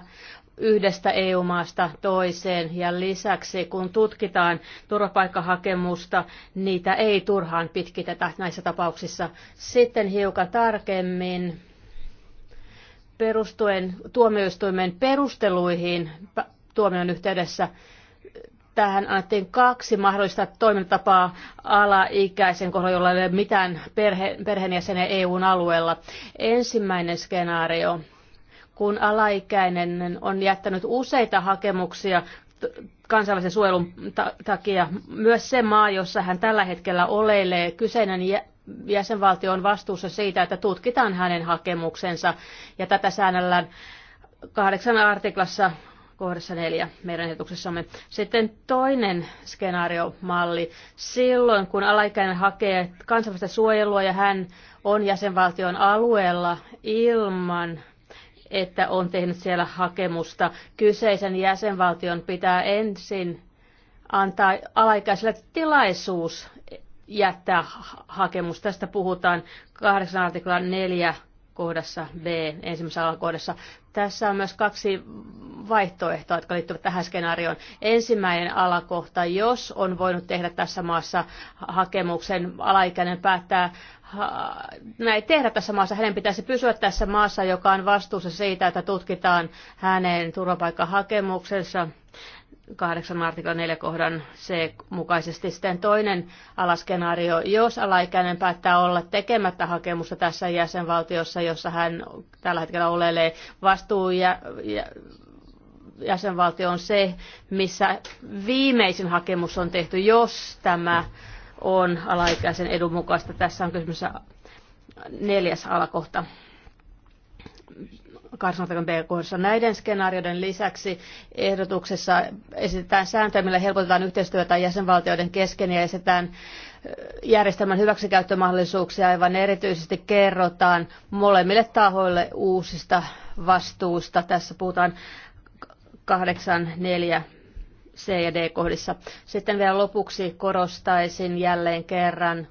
yhdestä EU-maasta toiseen ja lisäksi kun tutkitaan turvapaikkahakemusta, niitä ei turhaan pitkitetä näissä tapauksissa. Sitten hiukan tarkemmin perustuen tuomioistuimen perusteluihin tuomion yhteydessä tähän annettiin kaksi mahdollista toimintatapaa alaikäisen kohdalla, jolla ei ole mitään perhe, perheenjäseniä EUn alueella. Ensimmäinen skenaario, kun alaikäinen on jättänyt useita hakemuksia kansainvälisen suojelun takia, myös se maa, jossa hän tällä hetkellä oleilee, kyseinen jäsenvaltio on vastuussa siitä, että tutkitaan hänen hakemuksensa ja tätä säännellään kahdeksan artiklassa kohdassa neljä meidän ehdotuksessamme. Sitten toinen skenaariomalli. Silloin, kun alaikäinen hakee kansainvälistä suojelua ja hän on jäsenvaltion alueella ilman että on tehnyt siellä hakemusta. Kyseisen jäsenvaltion pitää ensin antaa alaikäiselle tilaisuus jättää hakemus. Tästä puhutaan 8 artiklan 4 kohdassa B, ensimmäisessä alakohdassa. Tässä on myös kaksi vaihtoehtoa, jotka liittyvät tähän skenaarioon. Ensimmäinen alakohta, jos on voinut tehdä tässä maassa hakemuksen, alaikäinen päättää näin tehdä tässä maassa. Hänen pitäisi pysyä tässä maassa, joka on vastuussa siitä, että tutkitaan hänen turvapaikkahakemuksensa 8 artikla 4 kohdan C mukaisesti. Sitten toinen alaskenaario, jos alaikäinen päättää olla tekemättä hakemusta tässä jäsenvaltiossa, jossa hän tällä hetkellä olelee, vastuu ja, ja, jäsenvaltio on se, missä viimeisin hakemus on tehty, jos tämä on alaikäisen edun mukaista. Tässä on kysymys neljäs alakohta kohdassa näiden skenaarioiden lisäksi ehdotuksessa esitetään sääntöjä, millä helpotetaan yhteistyötä jäsenvaltioiden kesken ja esitetään järjestelmän hyväksikäyttömahdollisuuksia, aivan erityisesti kerrotaan molemmille tahoille uusista vastuusta. Tässä puhutaan 8, 4, C ja D kohdissa. Sitten vielä lopuksi korostaisin jälleen kerran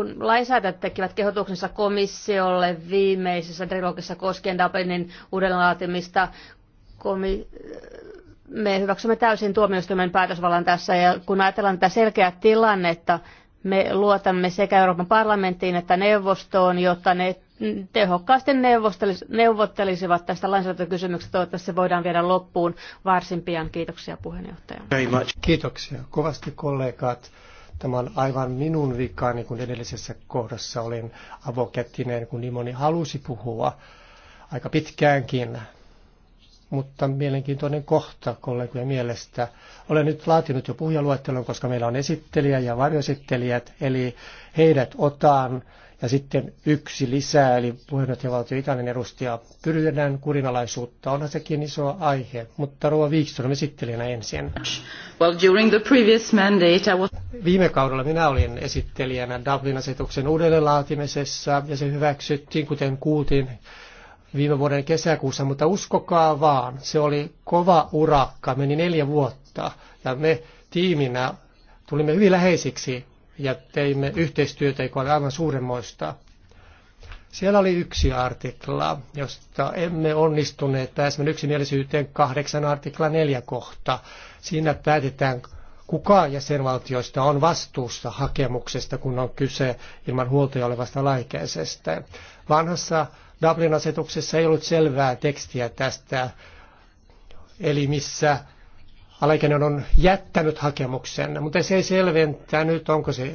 kun lainsäätäjät tekivät kehotuksensa komissiolle viimeisessä trilogissa koskien Dublinin uudenlaatimista, komi- me hyväksymme täysin tuomioistuimen päätösvallan tässä ja kun ajatellaan tätä selkeää tilannetta, me luotamme sekä Euroopan parlamenttiin että neuvostoon, jotta ne tehokkaasti neuvottelisivat tästä lainsäädäntökysymyksestä. Toivottavasti se voidaan viedä loppuun varsin pian. Kiitoksia puheenjohtaja. Kiitoksia kovasti kollegat. Tämä on aivan minun niin kun edellisessä kohdassa olin avokättinen, kun niin moni halusi puhua aika pitkäänkin. Mutta mielenkiintoinen kohta kollegojen mielestä. Olen nyt laatinut jo puhujaluettelon, koska meillä on esittelijä ja varjoesittelijät, eli heidät otan ja sitten yksi lisää, eli puheenjohtajavaltio Italian edustaja. Pyritään kurinalaisuutta, onhan sekin iso aihe, mutta Rova Wikström esittelijänä ensin. Well, during the previous mandate I was... Viime kaudella minä olin esittelijänä Dublin-asetuksen uudelleenlaatimisessa ja se hyväksyttiin, kuten kuultiin viime vuoden kesäkuussa, mutta uskokaa vaan, se oli kova urakka, meni neljä vuotta ja me tiiminä tulimme hyvin läheisiksi ja teimme yhteistyötä, joka oli aivan suuremmoista. Siellä oli yksi artikla, josta emme onnistuneet pääsemään yksimielisyyteen kahdeksan artikla neljä kohta. Siinä päätetään, kuka jäsenvaltioista on vastuussa hakemuksesta, kun on kyse ilman huoltoja olevasta laikäisestä. Vanhassa Dublin-asetuksessa ei ollut selvää tekstiä tästä, eli missä alaikäinen on jättänyt hakemuksen, mutta se ei selventänyt, onko se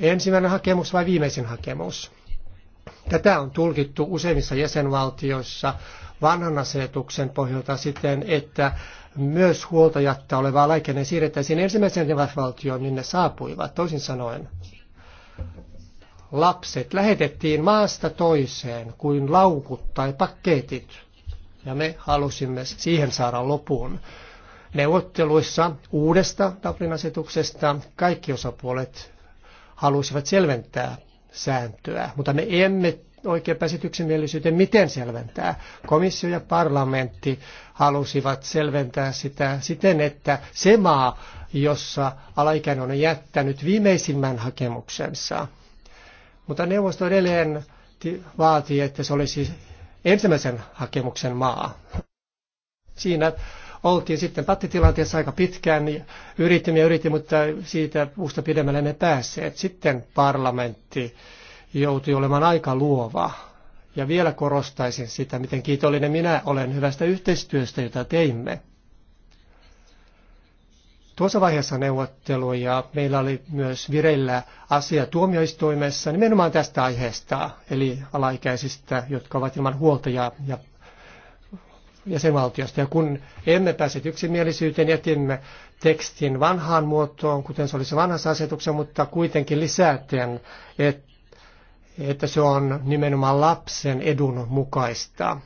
ensimmäinen hakemus vai viimeisin hakemus. Tätä on tulkittu useimmissa jäsenvaltioissa vanhan asetuksen pohjalta siten, että myös huoltajatta oleva alaikäinen siirrettäisiin ensimmäiseen valtioon, minne saapuivat. Toisin sanoen, lapset lähetettiin maasta toiseen kuin laukut tai paketit. Ja me halusimme siihen saada lopun. Neuvotteluissa uudesta Dublin asetuksesta kaikki osapuolet halusivat selventää sääntöä, mutta me emme oikein päässyt yksimielisyyteen, miten selventää. Komissio ja parlamentti halusivat selventää sitä siten, että se maa, jossa alaikäinen on jättänyt viimeisimmän hakemuksensa, mutta neuvosto edelleen vaatii, että se olisi ensimmäisen hakemuksen maa. Siinä oltiin sitten pattitilanteessa aika pitkään, niin yritimme ja yritimme, mutta siitä puusta pidemmälle emme päässeet. Sitten parlamentti joutui olemaan aika luova. Ja vielä korostaisin sitä, miten kiitollinen minä olen hyvästä yhteistyöstä, jota teimme. Tuossa vaiheessa neuvotteluja meillä oli myös vireillä asia tuomioistuimessa nimenomaan tästä aiheesta, eli alaikäisistä, jotka ovat ilman huoltajaa ja jäsenvaltiosta. Ja kun emme pääse yksimielisyyteen, jätimme tekstin vanhaan muotoon, kuten se olisi vanhassa asetuksessa, mutta kuitenkin lisäten, että se on nimenomaan lapsen edun mukaista.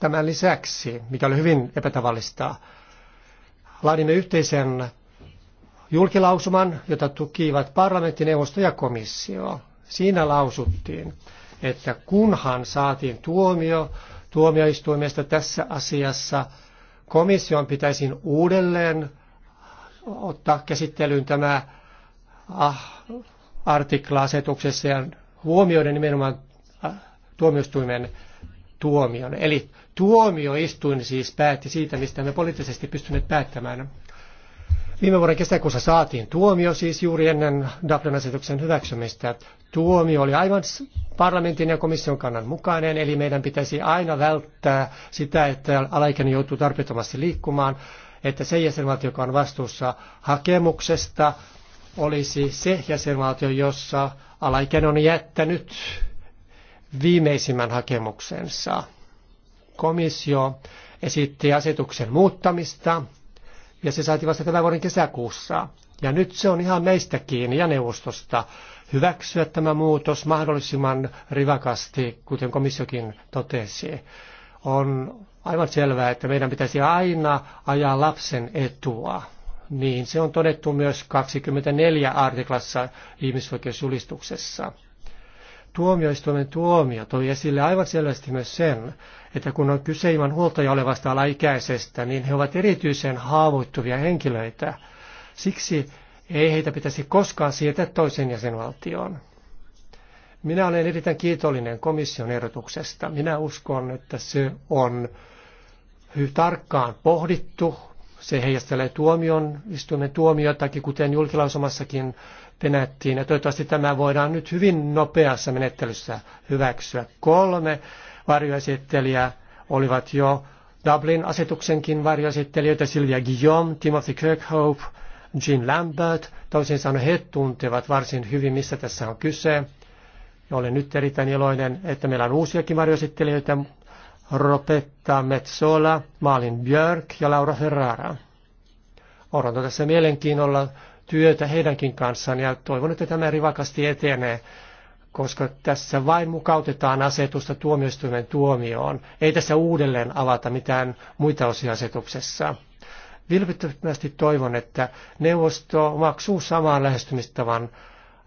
Tämän lisäksi, mikä oli hyvin epätavallista, laadimme yhteisen julkilausuman, jota tukivat parlamenttineuvosto ja komissio. Siinä lausuttiin, että kunhan saatiin tuomio tuomioistuimesta tässä asiassa. Komission pitäisi uudelleen ottaa käsittelyyn tämä ah, artikla asetuksessa ja huomioida nimenomaan ah, tuomioistuimen tuomion. Eli tuomioistuin siis päätti siitä, mistä me poliittisesti pystyneet päättämään. Viime vuoden kesäkuussa saatiin tuomio siis juuri ennen Dublin asetuksen hyväksymistä. Tuomio oli aivan parlamentin ja komission kannan mukainen, eli meidän pitäisi aina välttää sitä, että alaikäinen joutuu tarpeettomasti liikkumaan, että se jäsenvaltio, joka on vastuussa hakemuksesta, olisi se jäsenvaltio, jossa alaikäinen on jättänyt viimeisimmän hakemuksensa. Komissio esitti asetuksen muuttamista ja se saatiin vasta tämän vuoden kesäkuussa. Ja nyt se on ihan meistä kiinni ja neuvostosta hyväksyä tämä muutos mahdollisimman rivakasti, kuten komissiokin totesi. On aivan selvää, että meidän pitäisi aina ajaa lapsen etua. Niin se on todettu myös 24 artiklassa ihmisoikeusjulistuksessa tuomioistuimen tuomio toi esille aivan selvästi myös sen, että kun on kyse ilman huoltaja olevasta alaikäisestä, niin he ovat erityisen haavoittuvia henkilöitä. Siksi ei heitä pitäisi koskaan sietää toisen jäsenvaltioon. Minä olen erittäin kiitollinen komission ehdotuksesta. Minä uskon, että se on hyvin tarkkaan pohdittu. Se heijastelee tuomion, istuimen tuomiotakin, kuten julkilausumassakin penättiin. Ja toivottavasti tämä voidaan nyt hyvin nopeassa menettelyssä hyväksyä. Kolme varjoesittelijää olivat jo Dublin-asetuksenkin varjoesittelijöitä, Silvia Guillaume, Timothy Kirkhope, Jean Lambert. Toisin sanoen he tuntevat varsin hyvin, missä tässä on kyse. Ja olen nyt erittäin iloinen, että meillä on uusiakin varjoesittelijöitä, Ropetta Metsola, Malin Björk ja Laura Ferrara. Odotan tässä mielenkiinnolla työtä heidänkin kanssaan ja toivon, että tämä rivakasti etenee, koska tässä vain mukautetaan asetusta tuomioistuimen tuomioon. Ei tässä uudelleen avata mitään muita osia asetuksessa. Vilpittömästi toivon, että neuvosto maksuu samaan lähestymistavan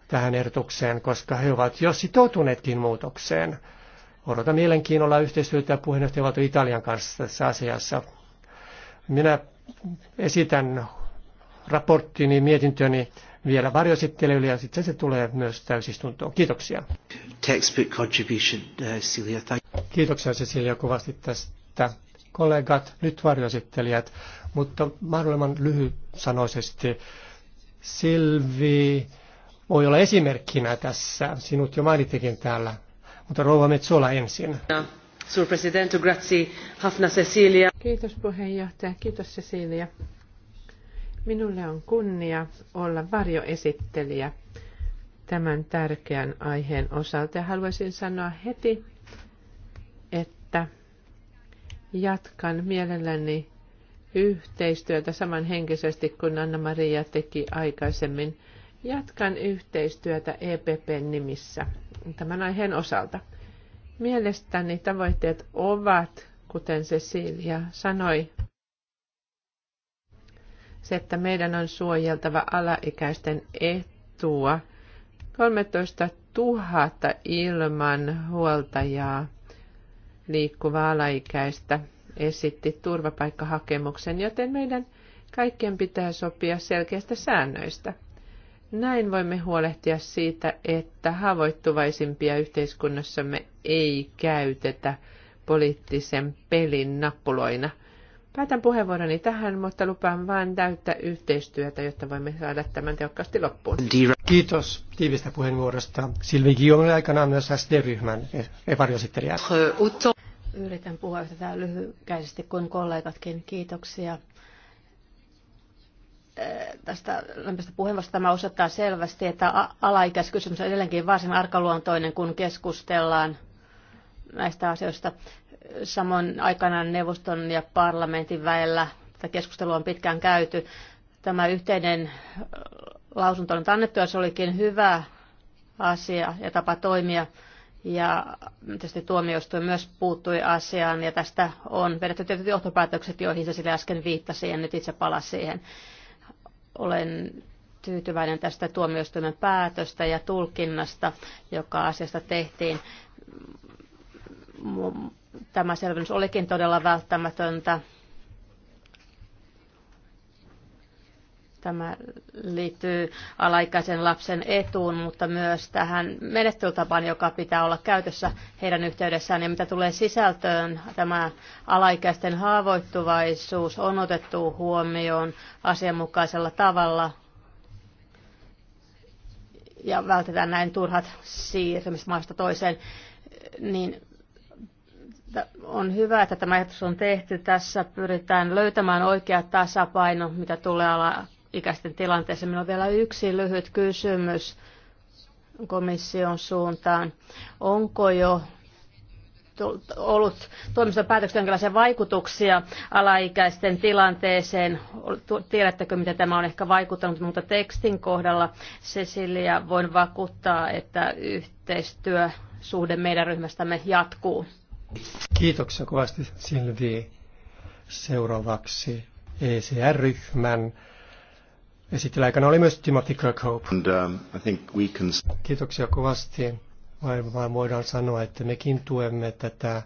tähän ehdotukseen, koska he ovat jo sitoutuneetkin muutokseen. Odotan mielenkiinnolla yhteistyötä puheenjohtajavaltio Italian kanssa tässä asiassa. Minä esitän raporttini, mietintöni vielä varjosittelijöille ja sitten se tulee myös täysistuntoon. Kiitoksia. Textbook contribution, uh, Celia. Kiitoksia Cecilia kovasti tästä. Kollegat, nyt varjoesittelijät, mutta mahdollisimman lyhysanoisesti. Silvi voi olla esimerkkinä tässä. Sinut jo mainittikin täällä, mutta rouva Metsola ensin. Cecilia. Kiitos puheenjohtaja, kiitos Cecilia. Minulle on kunnia olla varjoesittelijä tämän tärkeän aiheen osalta. Ja haluaisin sanoa heti, että jatkan mielelläni yhteistyötä samanhenkisesti kuin Anna-Maria teki aikaisemmin. Jatkan yhteistyötä EPPn nimissä tämän aiheen osalta. Mielestäni tavoitteet ovat, kuten Cecilia sanoi, se, että meidän on suojeltava alaikäisten etua. 13 000 ilman huoltajaa liikkuvaa alaikäistä esitti turvapaikkahakemuksen, joten meidän kaikkien pitää sopia selkeistä säännöistä. Näin voimme huolehtia siitä, että haavoittuvaisimpia yhteiskunnassamme ei käytetä poliittisen pelin nappuloina – Päätän puheenvuoroni tähän, mutta lupaan vain täyttää yhteistyötä, jotta voimme saada tämän tehokkaasti loppuun. Kiitos tiivistä puheenvuorosta. Silvi Kiominen aikanaan myös SD-ryhmän evarjosittelijä. Yritän puhua yhtä lyhykäisesti kuin kollegatkin. Kiitoksia eh, tästä lämpöstä puheenvuorosta tämä osoittaa selvästi, että alaikäiskysymys on edelleenkin varsin arkaluontoinen, kun keskustellaan näistä asioista. Samoin aikana neuvoston ja parlamentin välillä tätä keskustelua on pitkään käyty. Tämä yhteinen lausunto on annettu ja se olikin hyvä asia ja tapa toimia. Ja tietysti tuomioistuin myös puuttui asiaan ja tästä on vedetty tietyt johtopäätökset, joihin se sille äsken viittasi ja nyt itse palasi siihen. Olen tyytyväinen tästä tuomioistuimen päätöstä ja tulkinnasta, joka asiasta tehtiin tämä selvennys olikin todella välttämätöntä. Tämä liittyy alaikäisen lapsen etuun, mutta myös tähän menettelytapaan, joka pitää olla käytössä heidän yhteydessään. Ja mitä tulee sisältöön, tämä alaikäisten haavoittuvaisuus on otettu huomioon asianmukaisella tavalla ja vältetään näin turhat siirtymismaasta toiseen. Niin on hyvä, että tämä ajatus on tehty. Tässä pyritään löytämään oikea tasapaino, mitä tulee alaikäisten tilanteeseen. Minulla on vielä yksi lyhyt kysymys komission suuntaan. Onko jo ollut toimiston päätöksen jonkinlaisia vaikutuksia alaikäisten tilanteeseen. Tiedättekö, miten tämä on ehkä vaikuttanut, mutta tekstin kohdalla Cecilia voin vakuuttaa, että yhteistyösuhde meidän ryhmästämme jatkuu. Kiitoksia kovasti Silvi. Seuraavaksi ECR-ryhmän esittelyaikana oli myös Timothy Kirkhope. And, um, I think we can... Kiitoksia kovasti. Varmaan voidaan sanoa, että mekin tuemme tätä,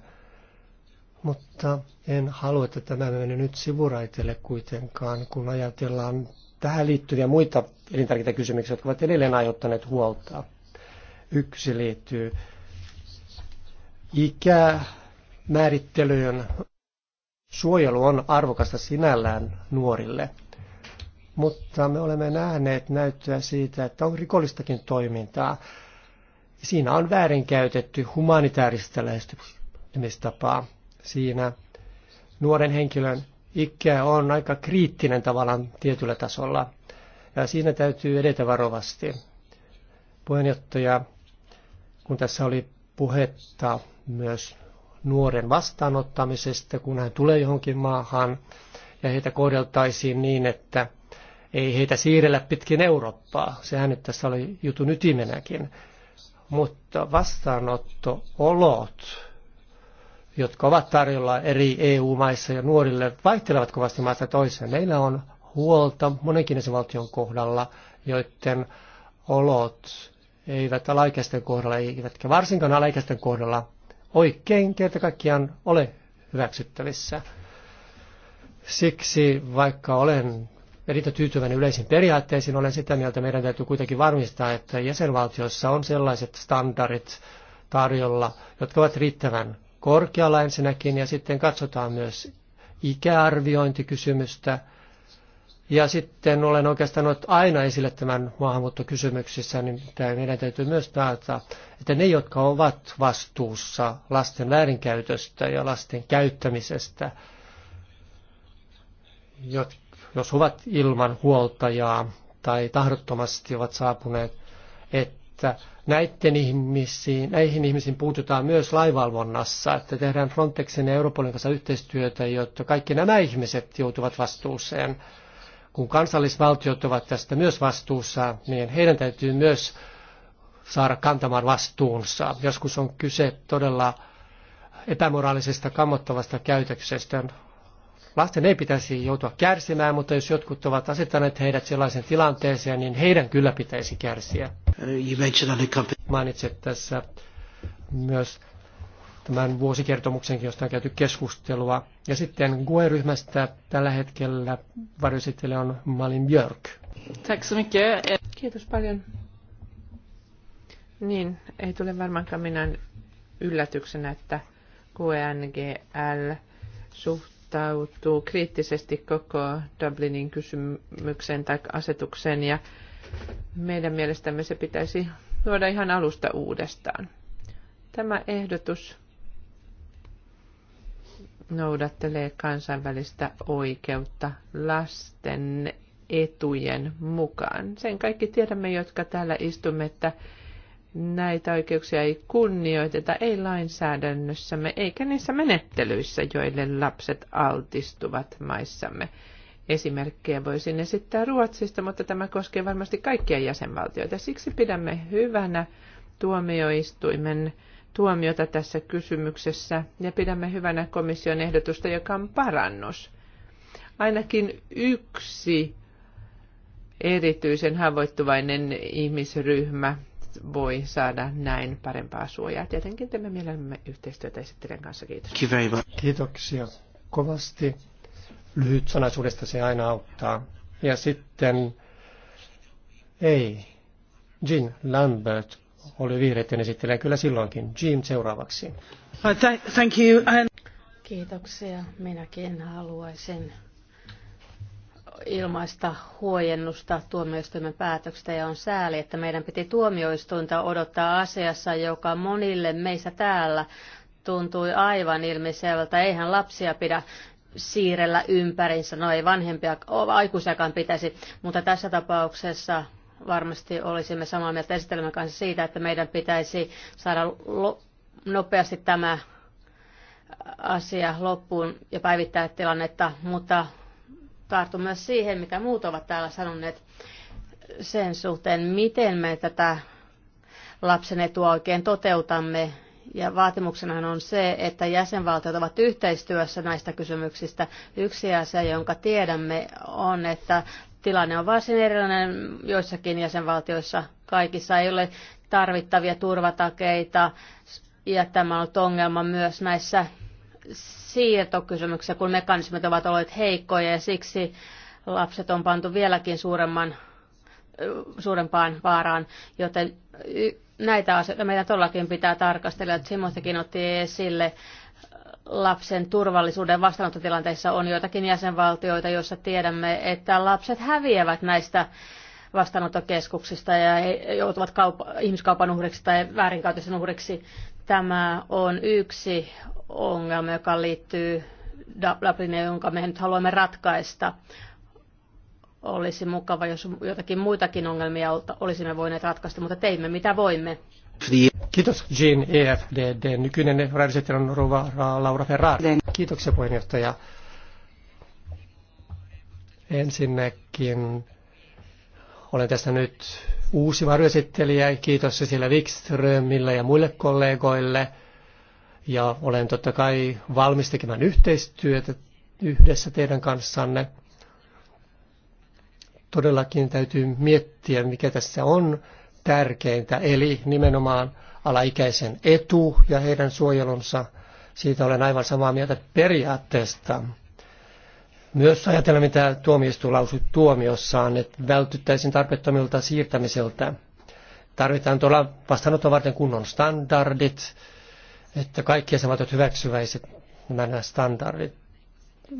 mutta en halua, että tämä menee nyt sivuraitelle kuitenkaan, kun ajatellaan tähän liittyviä muita elintärkeitä kysymyksiä, jotka ovat edelleen aiheuttaneet huolta. Yksi liittyy ikämäärittelyyn. Suojelu on arvokasta sinällään nuorille, mutta me olemme nähneet näyttöä siitä, että on rikollistakin toimintaa. Siinä on väärinkäytetty humanitaarista lähestymistapaa. Siinä nuoren henkilön ikä on aika kriittinen tavallaan tietyllä tasolla. Ja siinä täytyy edetä varovasti. Puheenjohtaja, kun tässä oli puhetta myös nuoren vastaanottamisesta, kun hän tulee johonkin maahan, ja heitä kohdeltaisiin niin, että ei heitä siirrellä pitkin Eurooppaa. Sehän nyt tässä oli jutun ytimenäkin. Mutta vastaanottoolot, jotka ovat tarjolla eri EU-maissa ja nuorille, vaihtelevat kovasti maasta toiseen. Meillä on huolta monenkin valtion kohdalla, joiden olot eivät alaikäisten kohdalla, eivätkä varsinkaan alaikäisten kohdalla oikein kerta kaikkiaan ole hyväksyttävissä. Siksi vaikka olen erittäin tyytyväinen yleisiin periaatteisiin, olen sitä mieltä, meidän täytyy kuitenkin varmistaa, että jäsenvaltiossa on sellaiset standardit tarjolla, jotka ovat riittävän korkealla ensinnäkin, ja sitten katsotaan myös ikäarviointikysymystä, ja sitten olen oikeastaan ollut aina esille tämän maahanmuuttokysymyksissä, niin meidän täytyy myös päätä, että ne, jotka ovat vastuussa lasten väärinkäytöstä ja lasten käyttämisestä, jos ovat ilman huoltajaa tai tahdottomasti ovat saapuneet, että näiden ihmisiin, näihin ihmisiin puututaan myös laivalvonnassa, että tehdään Frontexin ja Euroopan kanssa yhteistyötä, jotta kaikki nämä ihmiset joutuvat vastuuseen – kun kansallisvaltiot ovat tästä myös vastuussa, niin heidän täytyy myös saada kantamaan vastuunsa. Joskus on kyse todella epämoraalisesta, kammottavasta käytöksestä. Lasten ei pitäisi joutua kärsimään, mutta jos jotkut ovat asettaneet heidät sellaisen tilanteeseen, niin heidän kyllä pitäisi kärsiä. Uh, Mainitsit tässä myös tämän vuosikertomuksenkin, josta on käyty keskustelua. Ja sitten GUE-ryhmästä tällä hetkellä varjoesittelijä on Malin Björk. Tack så mycket. Kiitos paljon. Niin, ei tule varmaankaan minään yllätyksenä, että QNGL suhtautuu kriittisesti koko Dublinin kysymykseen tai asetukseen ja meidän mielestämme se pitäisi luoda ihan alusta uudestaan. Tämä ehdotus noudattelee kansainvälistä oikeutta lasten etujen mukaan. Sen kaikki tiedämme, jotka täällä istumme, että näitä oikeuksia ei kunnioiteta, ei lainsäädännössämme eikä niissä menettelyissä, joille lapset altistuvat maissamme. Esimerkkejä voisin esittää Ruotsista, mutta tämä koskee varmasti kaikkia jäsenvaltioita. Siksi pidämme hyvänä tuomioistuimen tuomiota tässä kysymyksessä ja pidämme hyvänä komission ehdotusta, joka on parannus. Ainakin yksi erityisen haavoittuvainen ihmisryhmä voi saada näin parempaa suojaa. Tietenkin teemme mielellämme yhteistyötä esittelijän kanssa. Kiitos. Kiitoksia kovasti. Lyhyt sanaisuudesta se aina auttaa. Ja sitten ei. Jean Lambert oli vihreiden esittelijä kyllä silloinkin. Jim seuraavaksi. Uh, thank you. Kiitoksia. Minäkin haluaisin ilmaista huojennusta tuomioistuimen päätöksestä ja on sääli, että meidän piti tuomioistuinta odottaa asiassa, joka monille meistä täällä tuntui aivan ilmiselvältä. Eihän lapsia pidä siirrellä ympärinsä, no ei vanhempia, aikuisiakaan pitäisi, mutta tässä tapauksessa varmasti olisimme samaa mieltä esitelmän kanssa siitä, että meidän pitäisi saada nopeasti tämä asia loppuun ja päivittää tilannetta, mutta tartun myös siihen, mitä muut ovat täällä sanoneet sen suhteen, miten me tätä lapsen etua oikein toteutamme. Ja vaatimuksenahan on se, että jäsenvaltiot ovat yhteistyössä näistä kysymyksistä. Yksi asia, jonka tiedämme, on, että tilanne on varsin erilainen joissakin jäsenvaltioissa. Kaikissa ei ole tarvittavia turvatakeita ja tämä on ollut ongelma myös näissä siirtokysymyksissä, kun mekanismit ovat olleet heikkoja ja siksi lapset on pantu vieläkin suuremman, suurempaan vaaraan, joten näitä asioita meidän todellakin pitää tarkastella. Simostakin otti esille lapsen turvallisuuden vastaanottotilanteissa on joitakin jäsenvaltioita, joissa tiedämme, että lapset häviävät näistä vastaanottokeskuksista ja he joutuvat kaup- ihmiskaupan uhriksi tai väärinkäytösten uhriksi. Tämä on yksi ongelma, joka liittyy Dublinin, jonka me nyt haluamme ratkaista. Olisi mukava, jos jotakin muitakin ongelmia olisimme voineet ratkaista, mutta teimme mitä voimme. Kiitos Jean EFDD. Nykyinen varajärjestelmä Laura Ferrari. Kiitoksia puheenjohtaja. Ensinnäkin olen tässä nyt uusi varjoesittelijä. Kiitos Cecilia Wikströmille ja muille kollegoille. Ja olen totta kai valmis tekemään yhteistyötä yhdessä teidän kanssanne. Todellakin täytyy miettiä, mikä tässä on tärkeintä, eli nimenomaan alaikäisen etu ja heidän suojelunsa. Siitä olen aivan samaa mieltä periaatteesta. Myös ajatella, mitä tuomioistuin lausui tuomiossaan, että vältyttäisiin tarpeettomilta siirtämiseltä. Tarvitaan tuolla vastaanottoa varten kunnon standardit, että kaikki jäsenvaltiot hyväksyväiset nämä standardit.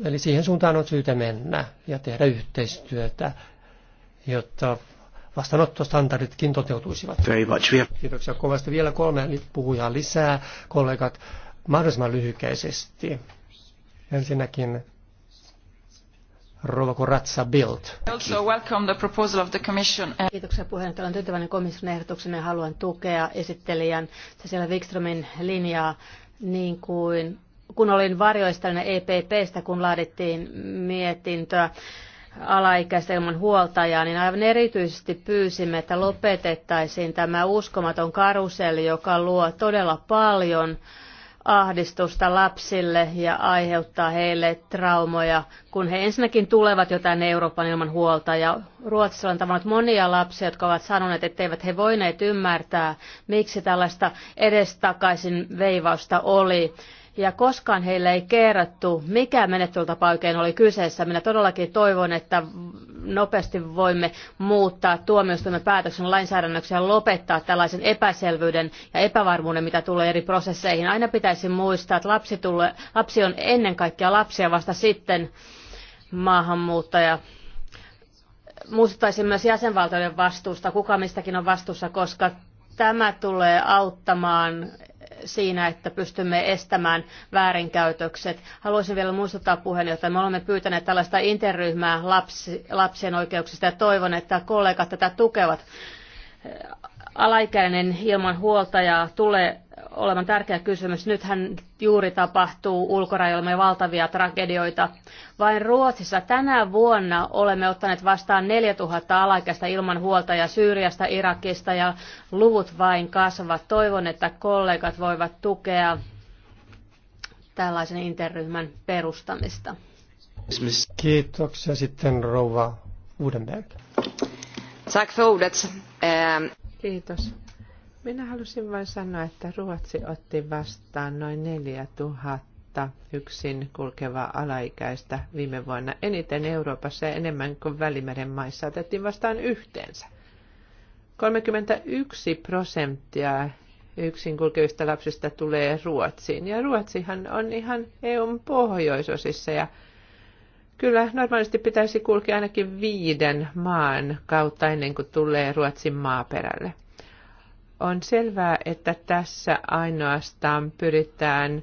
Eli siihen suuntaan on syytä mennä ja tehdä yhteistyötä, jotta vastaanottostandarditkin toteutuisivat. Kiitoksia kovasti. Vielä kolme puhujaa lisää, kollegat, mahdollisimman lyhykäisesti. Ensinnäkin Rouva Koratsa Bild. Kiitoksia puheenjohtaja. Olen tyytyväinen komission ehdotuksen ja haluan tukea esittelijän siellä Wikströmin linjaa niin kuin kun olin varjoistajana EPPstä, kun laadittiin mietintöä alaikäistä ilman huoltajaa, niin aivan erityisesti pyysimme, että lopetettaisiin tämä uskomaton karuselli, joka luo todella paljon ahdistusta lapsille ja aiheuttaa heille traumoja, kun he ensinnäkin tulevat tänne Euroopan ilman huolta. Ja Ruotsissa on tavannut monia lapsia, jotka ovat sanoneet, eivät he voineet ymmärtää, miksi tällaista edestakaisin veivausta oli ja koskaan heille ei kerrottu, mikä menettelytapa oikein oli kyseessä. Minä todellakin toivon, että nopeasti voimme muuttaa tuomioistuimen päätöksen lainsäädännöksi ja lopettaa tällaisen epäselvyyden ja epävarmuuden, mitä tulee eri prosesseihin. Aina pitäisi muistaa, että lapsi, tulee, lapsi on ennen kaikkea lapsia vasta sitten maahanmuuttaja muistuttaisin myös jäsenvaltioiden vastuusta, kuka mistäkin on vastuussa, koska tämä tulee auttamaan siinä, että pystymme estämään väärinkäytökset. Haluaisin vielä muistuttaa puheenjohtaja, me olemme pyytäneet tällaista interryhmää lapsi, lapsien oikeuksista ja toivon, että kollegat tätä tukevat. Alaikäinen ilman huoltajaa tulee olevan tärkeä kysymys. Nythän juuri tapahtuu ulkorajoillamme valtavia tragedioita. Vain Ruotsissa tänä vuonna olemme ottaneet vastaan 4000 alaikäistä ilman ja Syyriasta, Irakista ja luvut vain kasvavat. Toivon, että kollegat voivat tukea tällaisen interryhmän perustamista. Kiitoksia sitten rouva Uudenberg. Tack för ordet. Eh, Kiitos minä halusin vain sanoa, että Ruotsi otti vastaan noin 4000 yksin kulkevaa alaikäistä viime vuonna. Eniten Euroopassa ja enemmän kuin Välimeren maissa otettiin vastaan yhteensä. 31 prosenttia yksin kulkevista lapsista tulee Ruotsiin. Ja Ruotsihan on ihan EUn pohjoisosissa ja Kyllä, normaalisti pitäisi kulkea ainakin viiden maan kautta ennen kuin tulee Ruotsin maaperälle. On selvää, että tässä ainoastaan pyritään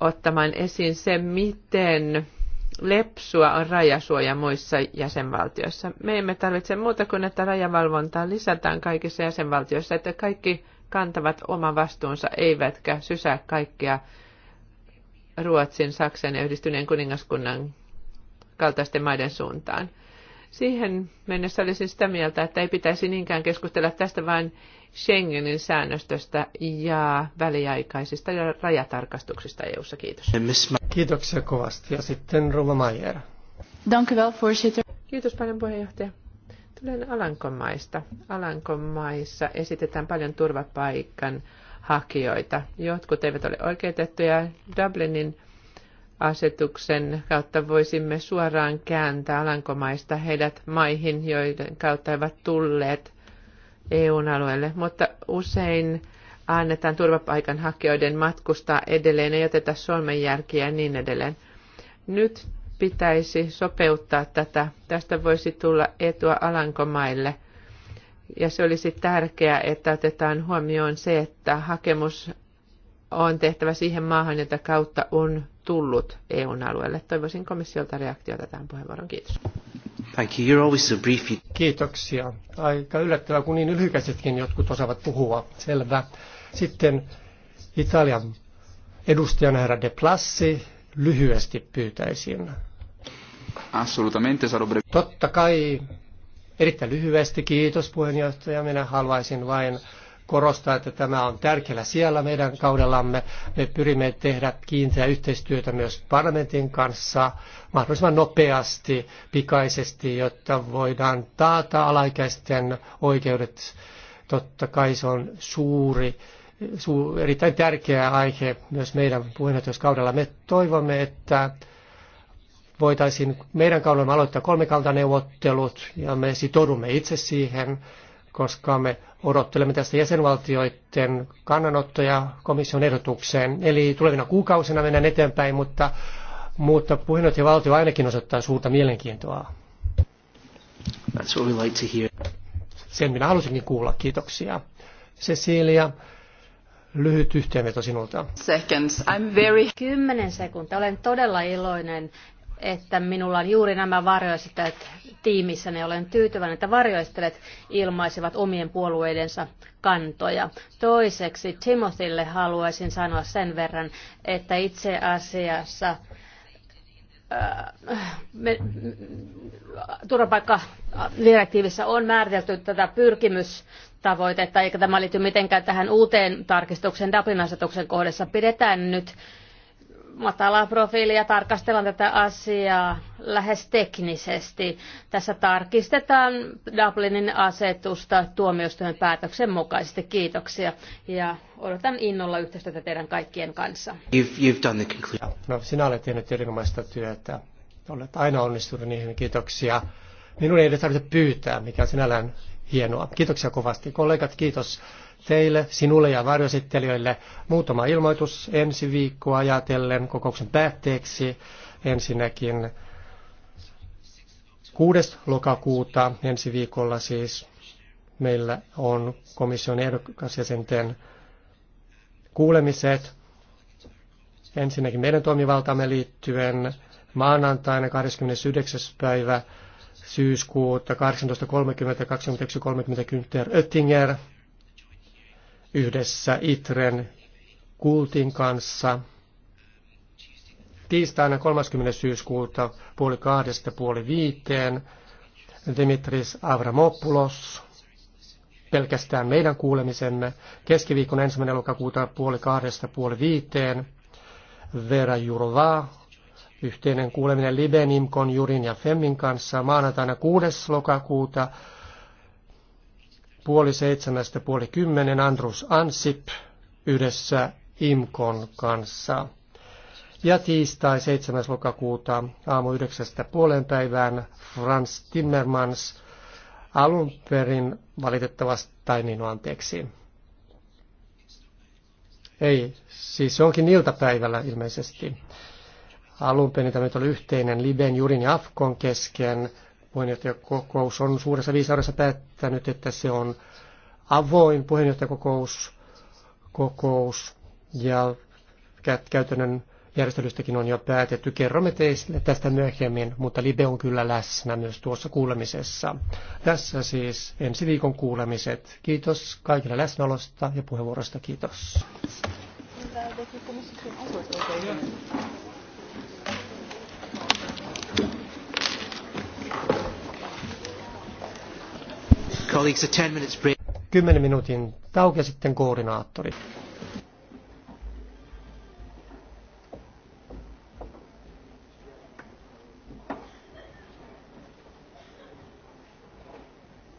ottamaan esiin se, miten lepsua on rajasuoja muissa jäsenvaltioissa. Me emme tarvitse muuta kuin, että rajavalvontaa lisätään kaikissa jäsenvaltioissa, että kaikki kantavat oman vastuunsa, eivätkä sysää kaikkia Ruotsin, Saksan ja yhdistyneen kuningaskunnan kaltaisten maiden suuntaan. Siihen mennessä olisin sitä mieltä, että ei pitäisi niinkään keskustella tästä vain Schengenin säännöstöstä ja väliaikaisista ja rajatarkastuksista EU-ssa. Kiitos. Kiitoksia kovasti. Ja sitten Rova Maier. Kiitos paljon puheenjohtaja. Tulen Alankomaista. Alankomaissa esitetään paljon turvapaikan hakijoita. Jotkut eivät ole oikeutettuja. Dublinin asetuksen kautta voisimme suoraan kääntää Alankomaista heidät maihin, joiden kautta ovat tulleet EUn alueelle. Mutta usein annetaan turvapaikanhakijoiden matkustaa edelleen, ei oteta solmenjälkiä ja niin edelleen. Nyt pitäisi sopeuttaa tätä. Tästä voisi tulla etua Alankomaille. Ja se olisi tärkeää, että otetaan huomioon se, että hakemus on tehtävä siihen maahan, jota kautta on tullut EUn alueelle. Toivoisin komissiolta reaktiota tähän puheenvuoron. Kiitos. Thank you. You're always so brief. Kiitoksia. Aika yllättävää, kun niin lyhykäisetkin jotkut osaavat puhua. Selvä. Sitten Italian edustajana herra De Plassi lyhyesti pyytäisin. Assolutamente sarò Totta kai erittäin lyhyesti. Kiitos puheenjohtaja. Minä haluaisin vain korostaa, että tämä on tärkeällä siellä meidän kaudellamme. Me pyrimme tehdä kiinteää yhteistyötä myös parlamentin kanssa mahdollisimman nopeasti, pikaisesti, jotta voidaan taata alaikäisten oikeudet. Totta kai se on suuri, erittäin tärkeä aihe myös meidän puheenjohtajuuskaudella. Me toivomme, että voitaisiin meidän kaudellamme aloittaa kolmikaltaneuvottelut ja me sitoudumme itse siihen koska me odottelemme tästä jäsenvaltioiden kannanottoja komission ehdotukseen. Eli tulevina kuukausina mennään eteenpäin, mutta, mutta valtio ainakin osoittaa suurta mielenkiintoa. That's what we like to hear. Sen minä halusinkin kuulla. Kiitoksia. Cecilia, lyhyt yhteenveto sinulta. Seconds. I'm very... Kymmenen sekuntia. Olen todella iloinen, että minulla on juuri nämä varjoesittäjät tiimissä, ne olen tyytyväinen, että varjoesittelijät ilmaisivat omien puolueidensa kantoja. Toiseksi Timothylle haluaisin sanoa sen verran, että itse asiassa äh, turvapaikkadirektiivissä on määritelty tätä pyrkimys tavoitetta, eikä tämä liity mitenkään tähän uuteen tarkistukseen Dublin-asetuksen kohdassa. Pidetään nyt matalaa profiilia tarkastellaan tätä asiaa lähes teknisesti. Tässä tarkistetaan Dublinin asetusta tuomioistuimen päätöksen mukaisesti. Kiitoksia ja odotan innolla yhteistyötä teidän kaikkien kanssa. You've, you've done the No, sinä olet tehnyt erinomaista työtä. Olet aina onnistunut niihin. Kiitoksia. Minun ei edes tarvitse pyytää, mikä on sinällään hienoa. Kiitoksia kovasti. Kollegat, kiitos teille, sinulle ja varjoesittelijöille muutama ilmoitus ensi viikkoa ajatellen kokouksen päätteeksi. Ensinnäkin 6. lokakuuta ensi viikolla siis meillä on komission ehdokasjäsenten kuulemiset. Ensinnäkin meidän toimivaltamme liittyen maanantaina 29. päivä syyskuuta 18.30-21.30 Günther Oettinger – yhdessä ITREN Kultin kanssa tiistaina 30. syyskuuta puoli kahdesta puoli viiteen Dimitris Avramopoulos pelkästään meidän kuulemisemme keskiviikkona ensimmäinen lokakuuta puoli kahdesta puoli viiteen Vera Jurova yhteinen kuuleminen Libenimkon Jurin ja Femmin kanssa maanantaina 6. lokakuuta puoli seitsemästä puoli kymmenen Andrus Ansip yhdessä IMKON kanssa. Ja tiistai 7. lokakuuta aamu yhdeksästä puolen päivään Franz Timmermans alun perin valitettavasti, tai niin no, anteeksi. Ei, siis se onkin iltapäivällä ilmeisesti. Alun perin tämä oli yhteinen Liben, Jurin ja Afkon kesken Puheenjohtajakokous on suuressa viisaudessa päättänyt, että se on avoin puheenjohtajakokous kokous, ja käytännön järjestelystäkin on jo päätetty. Kerromme teille tästä myöhemmin, mutta Libe on kyllä läsnä myös tuossa kuulemisessa. Tässä siis ensi viikon kuulemiset. Kiitos kaikille läsnäolosta ja puheenvuorosta. Kiitos. Colleagues, a 10 minuutin tauko ja sitten koordinaattori.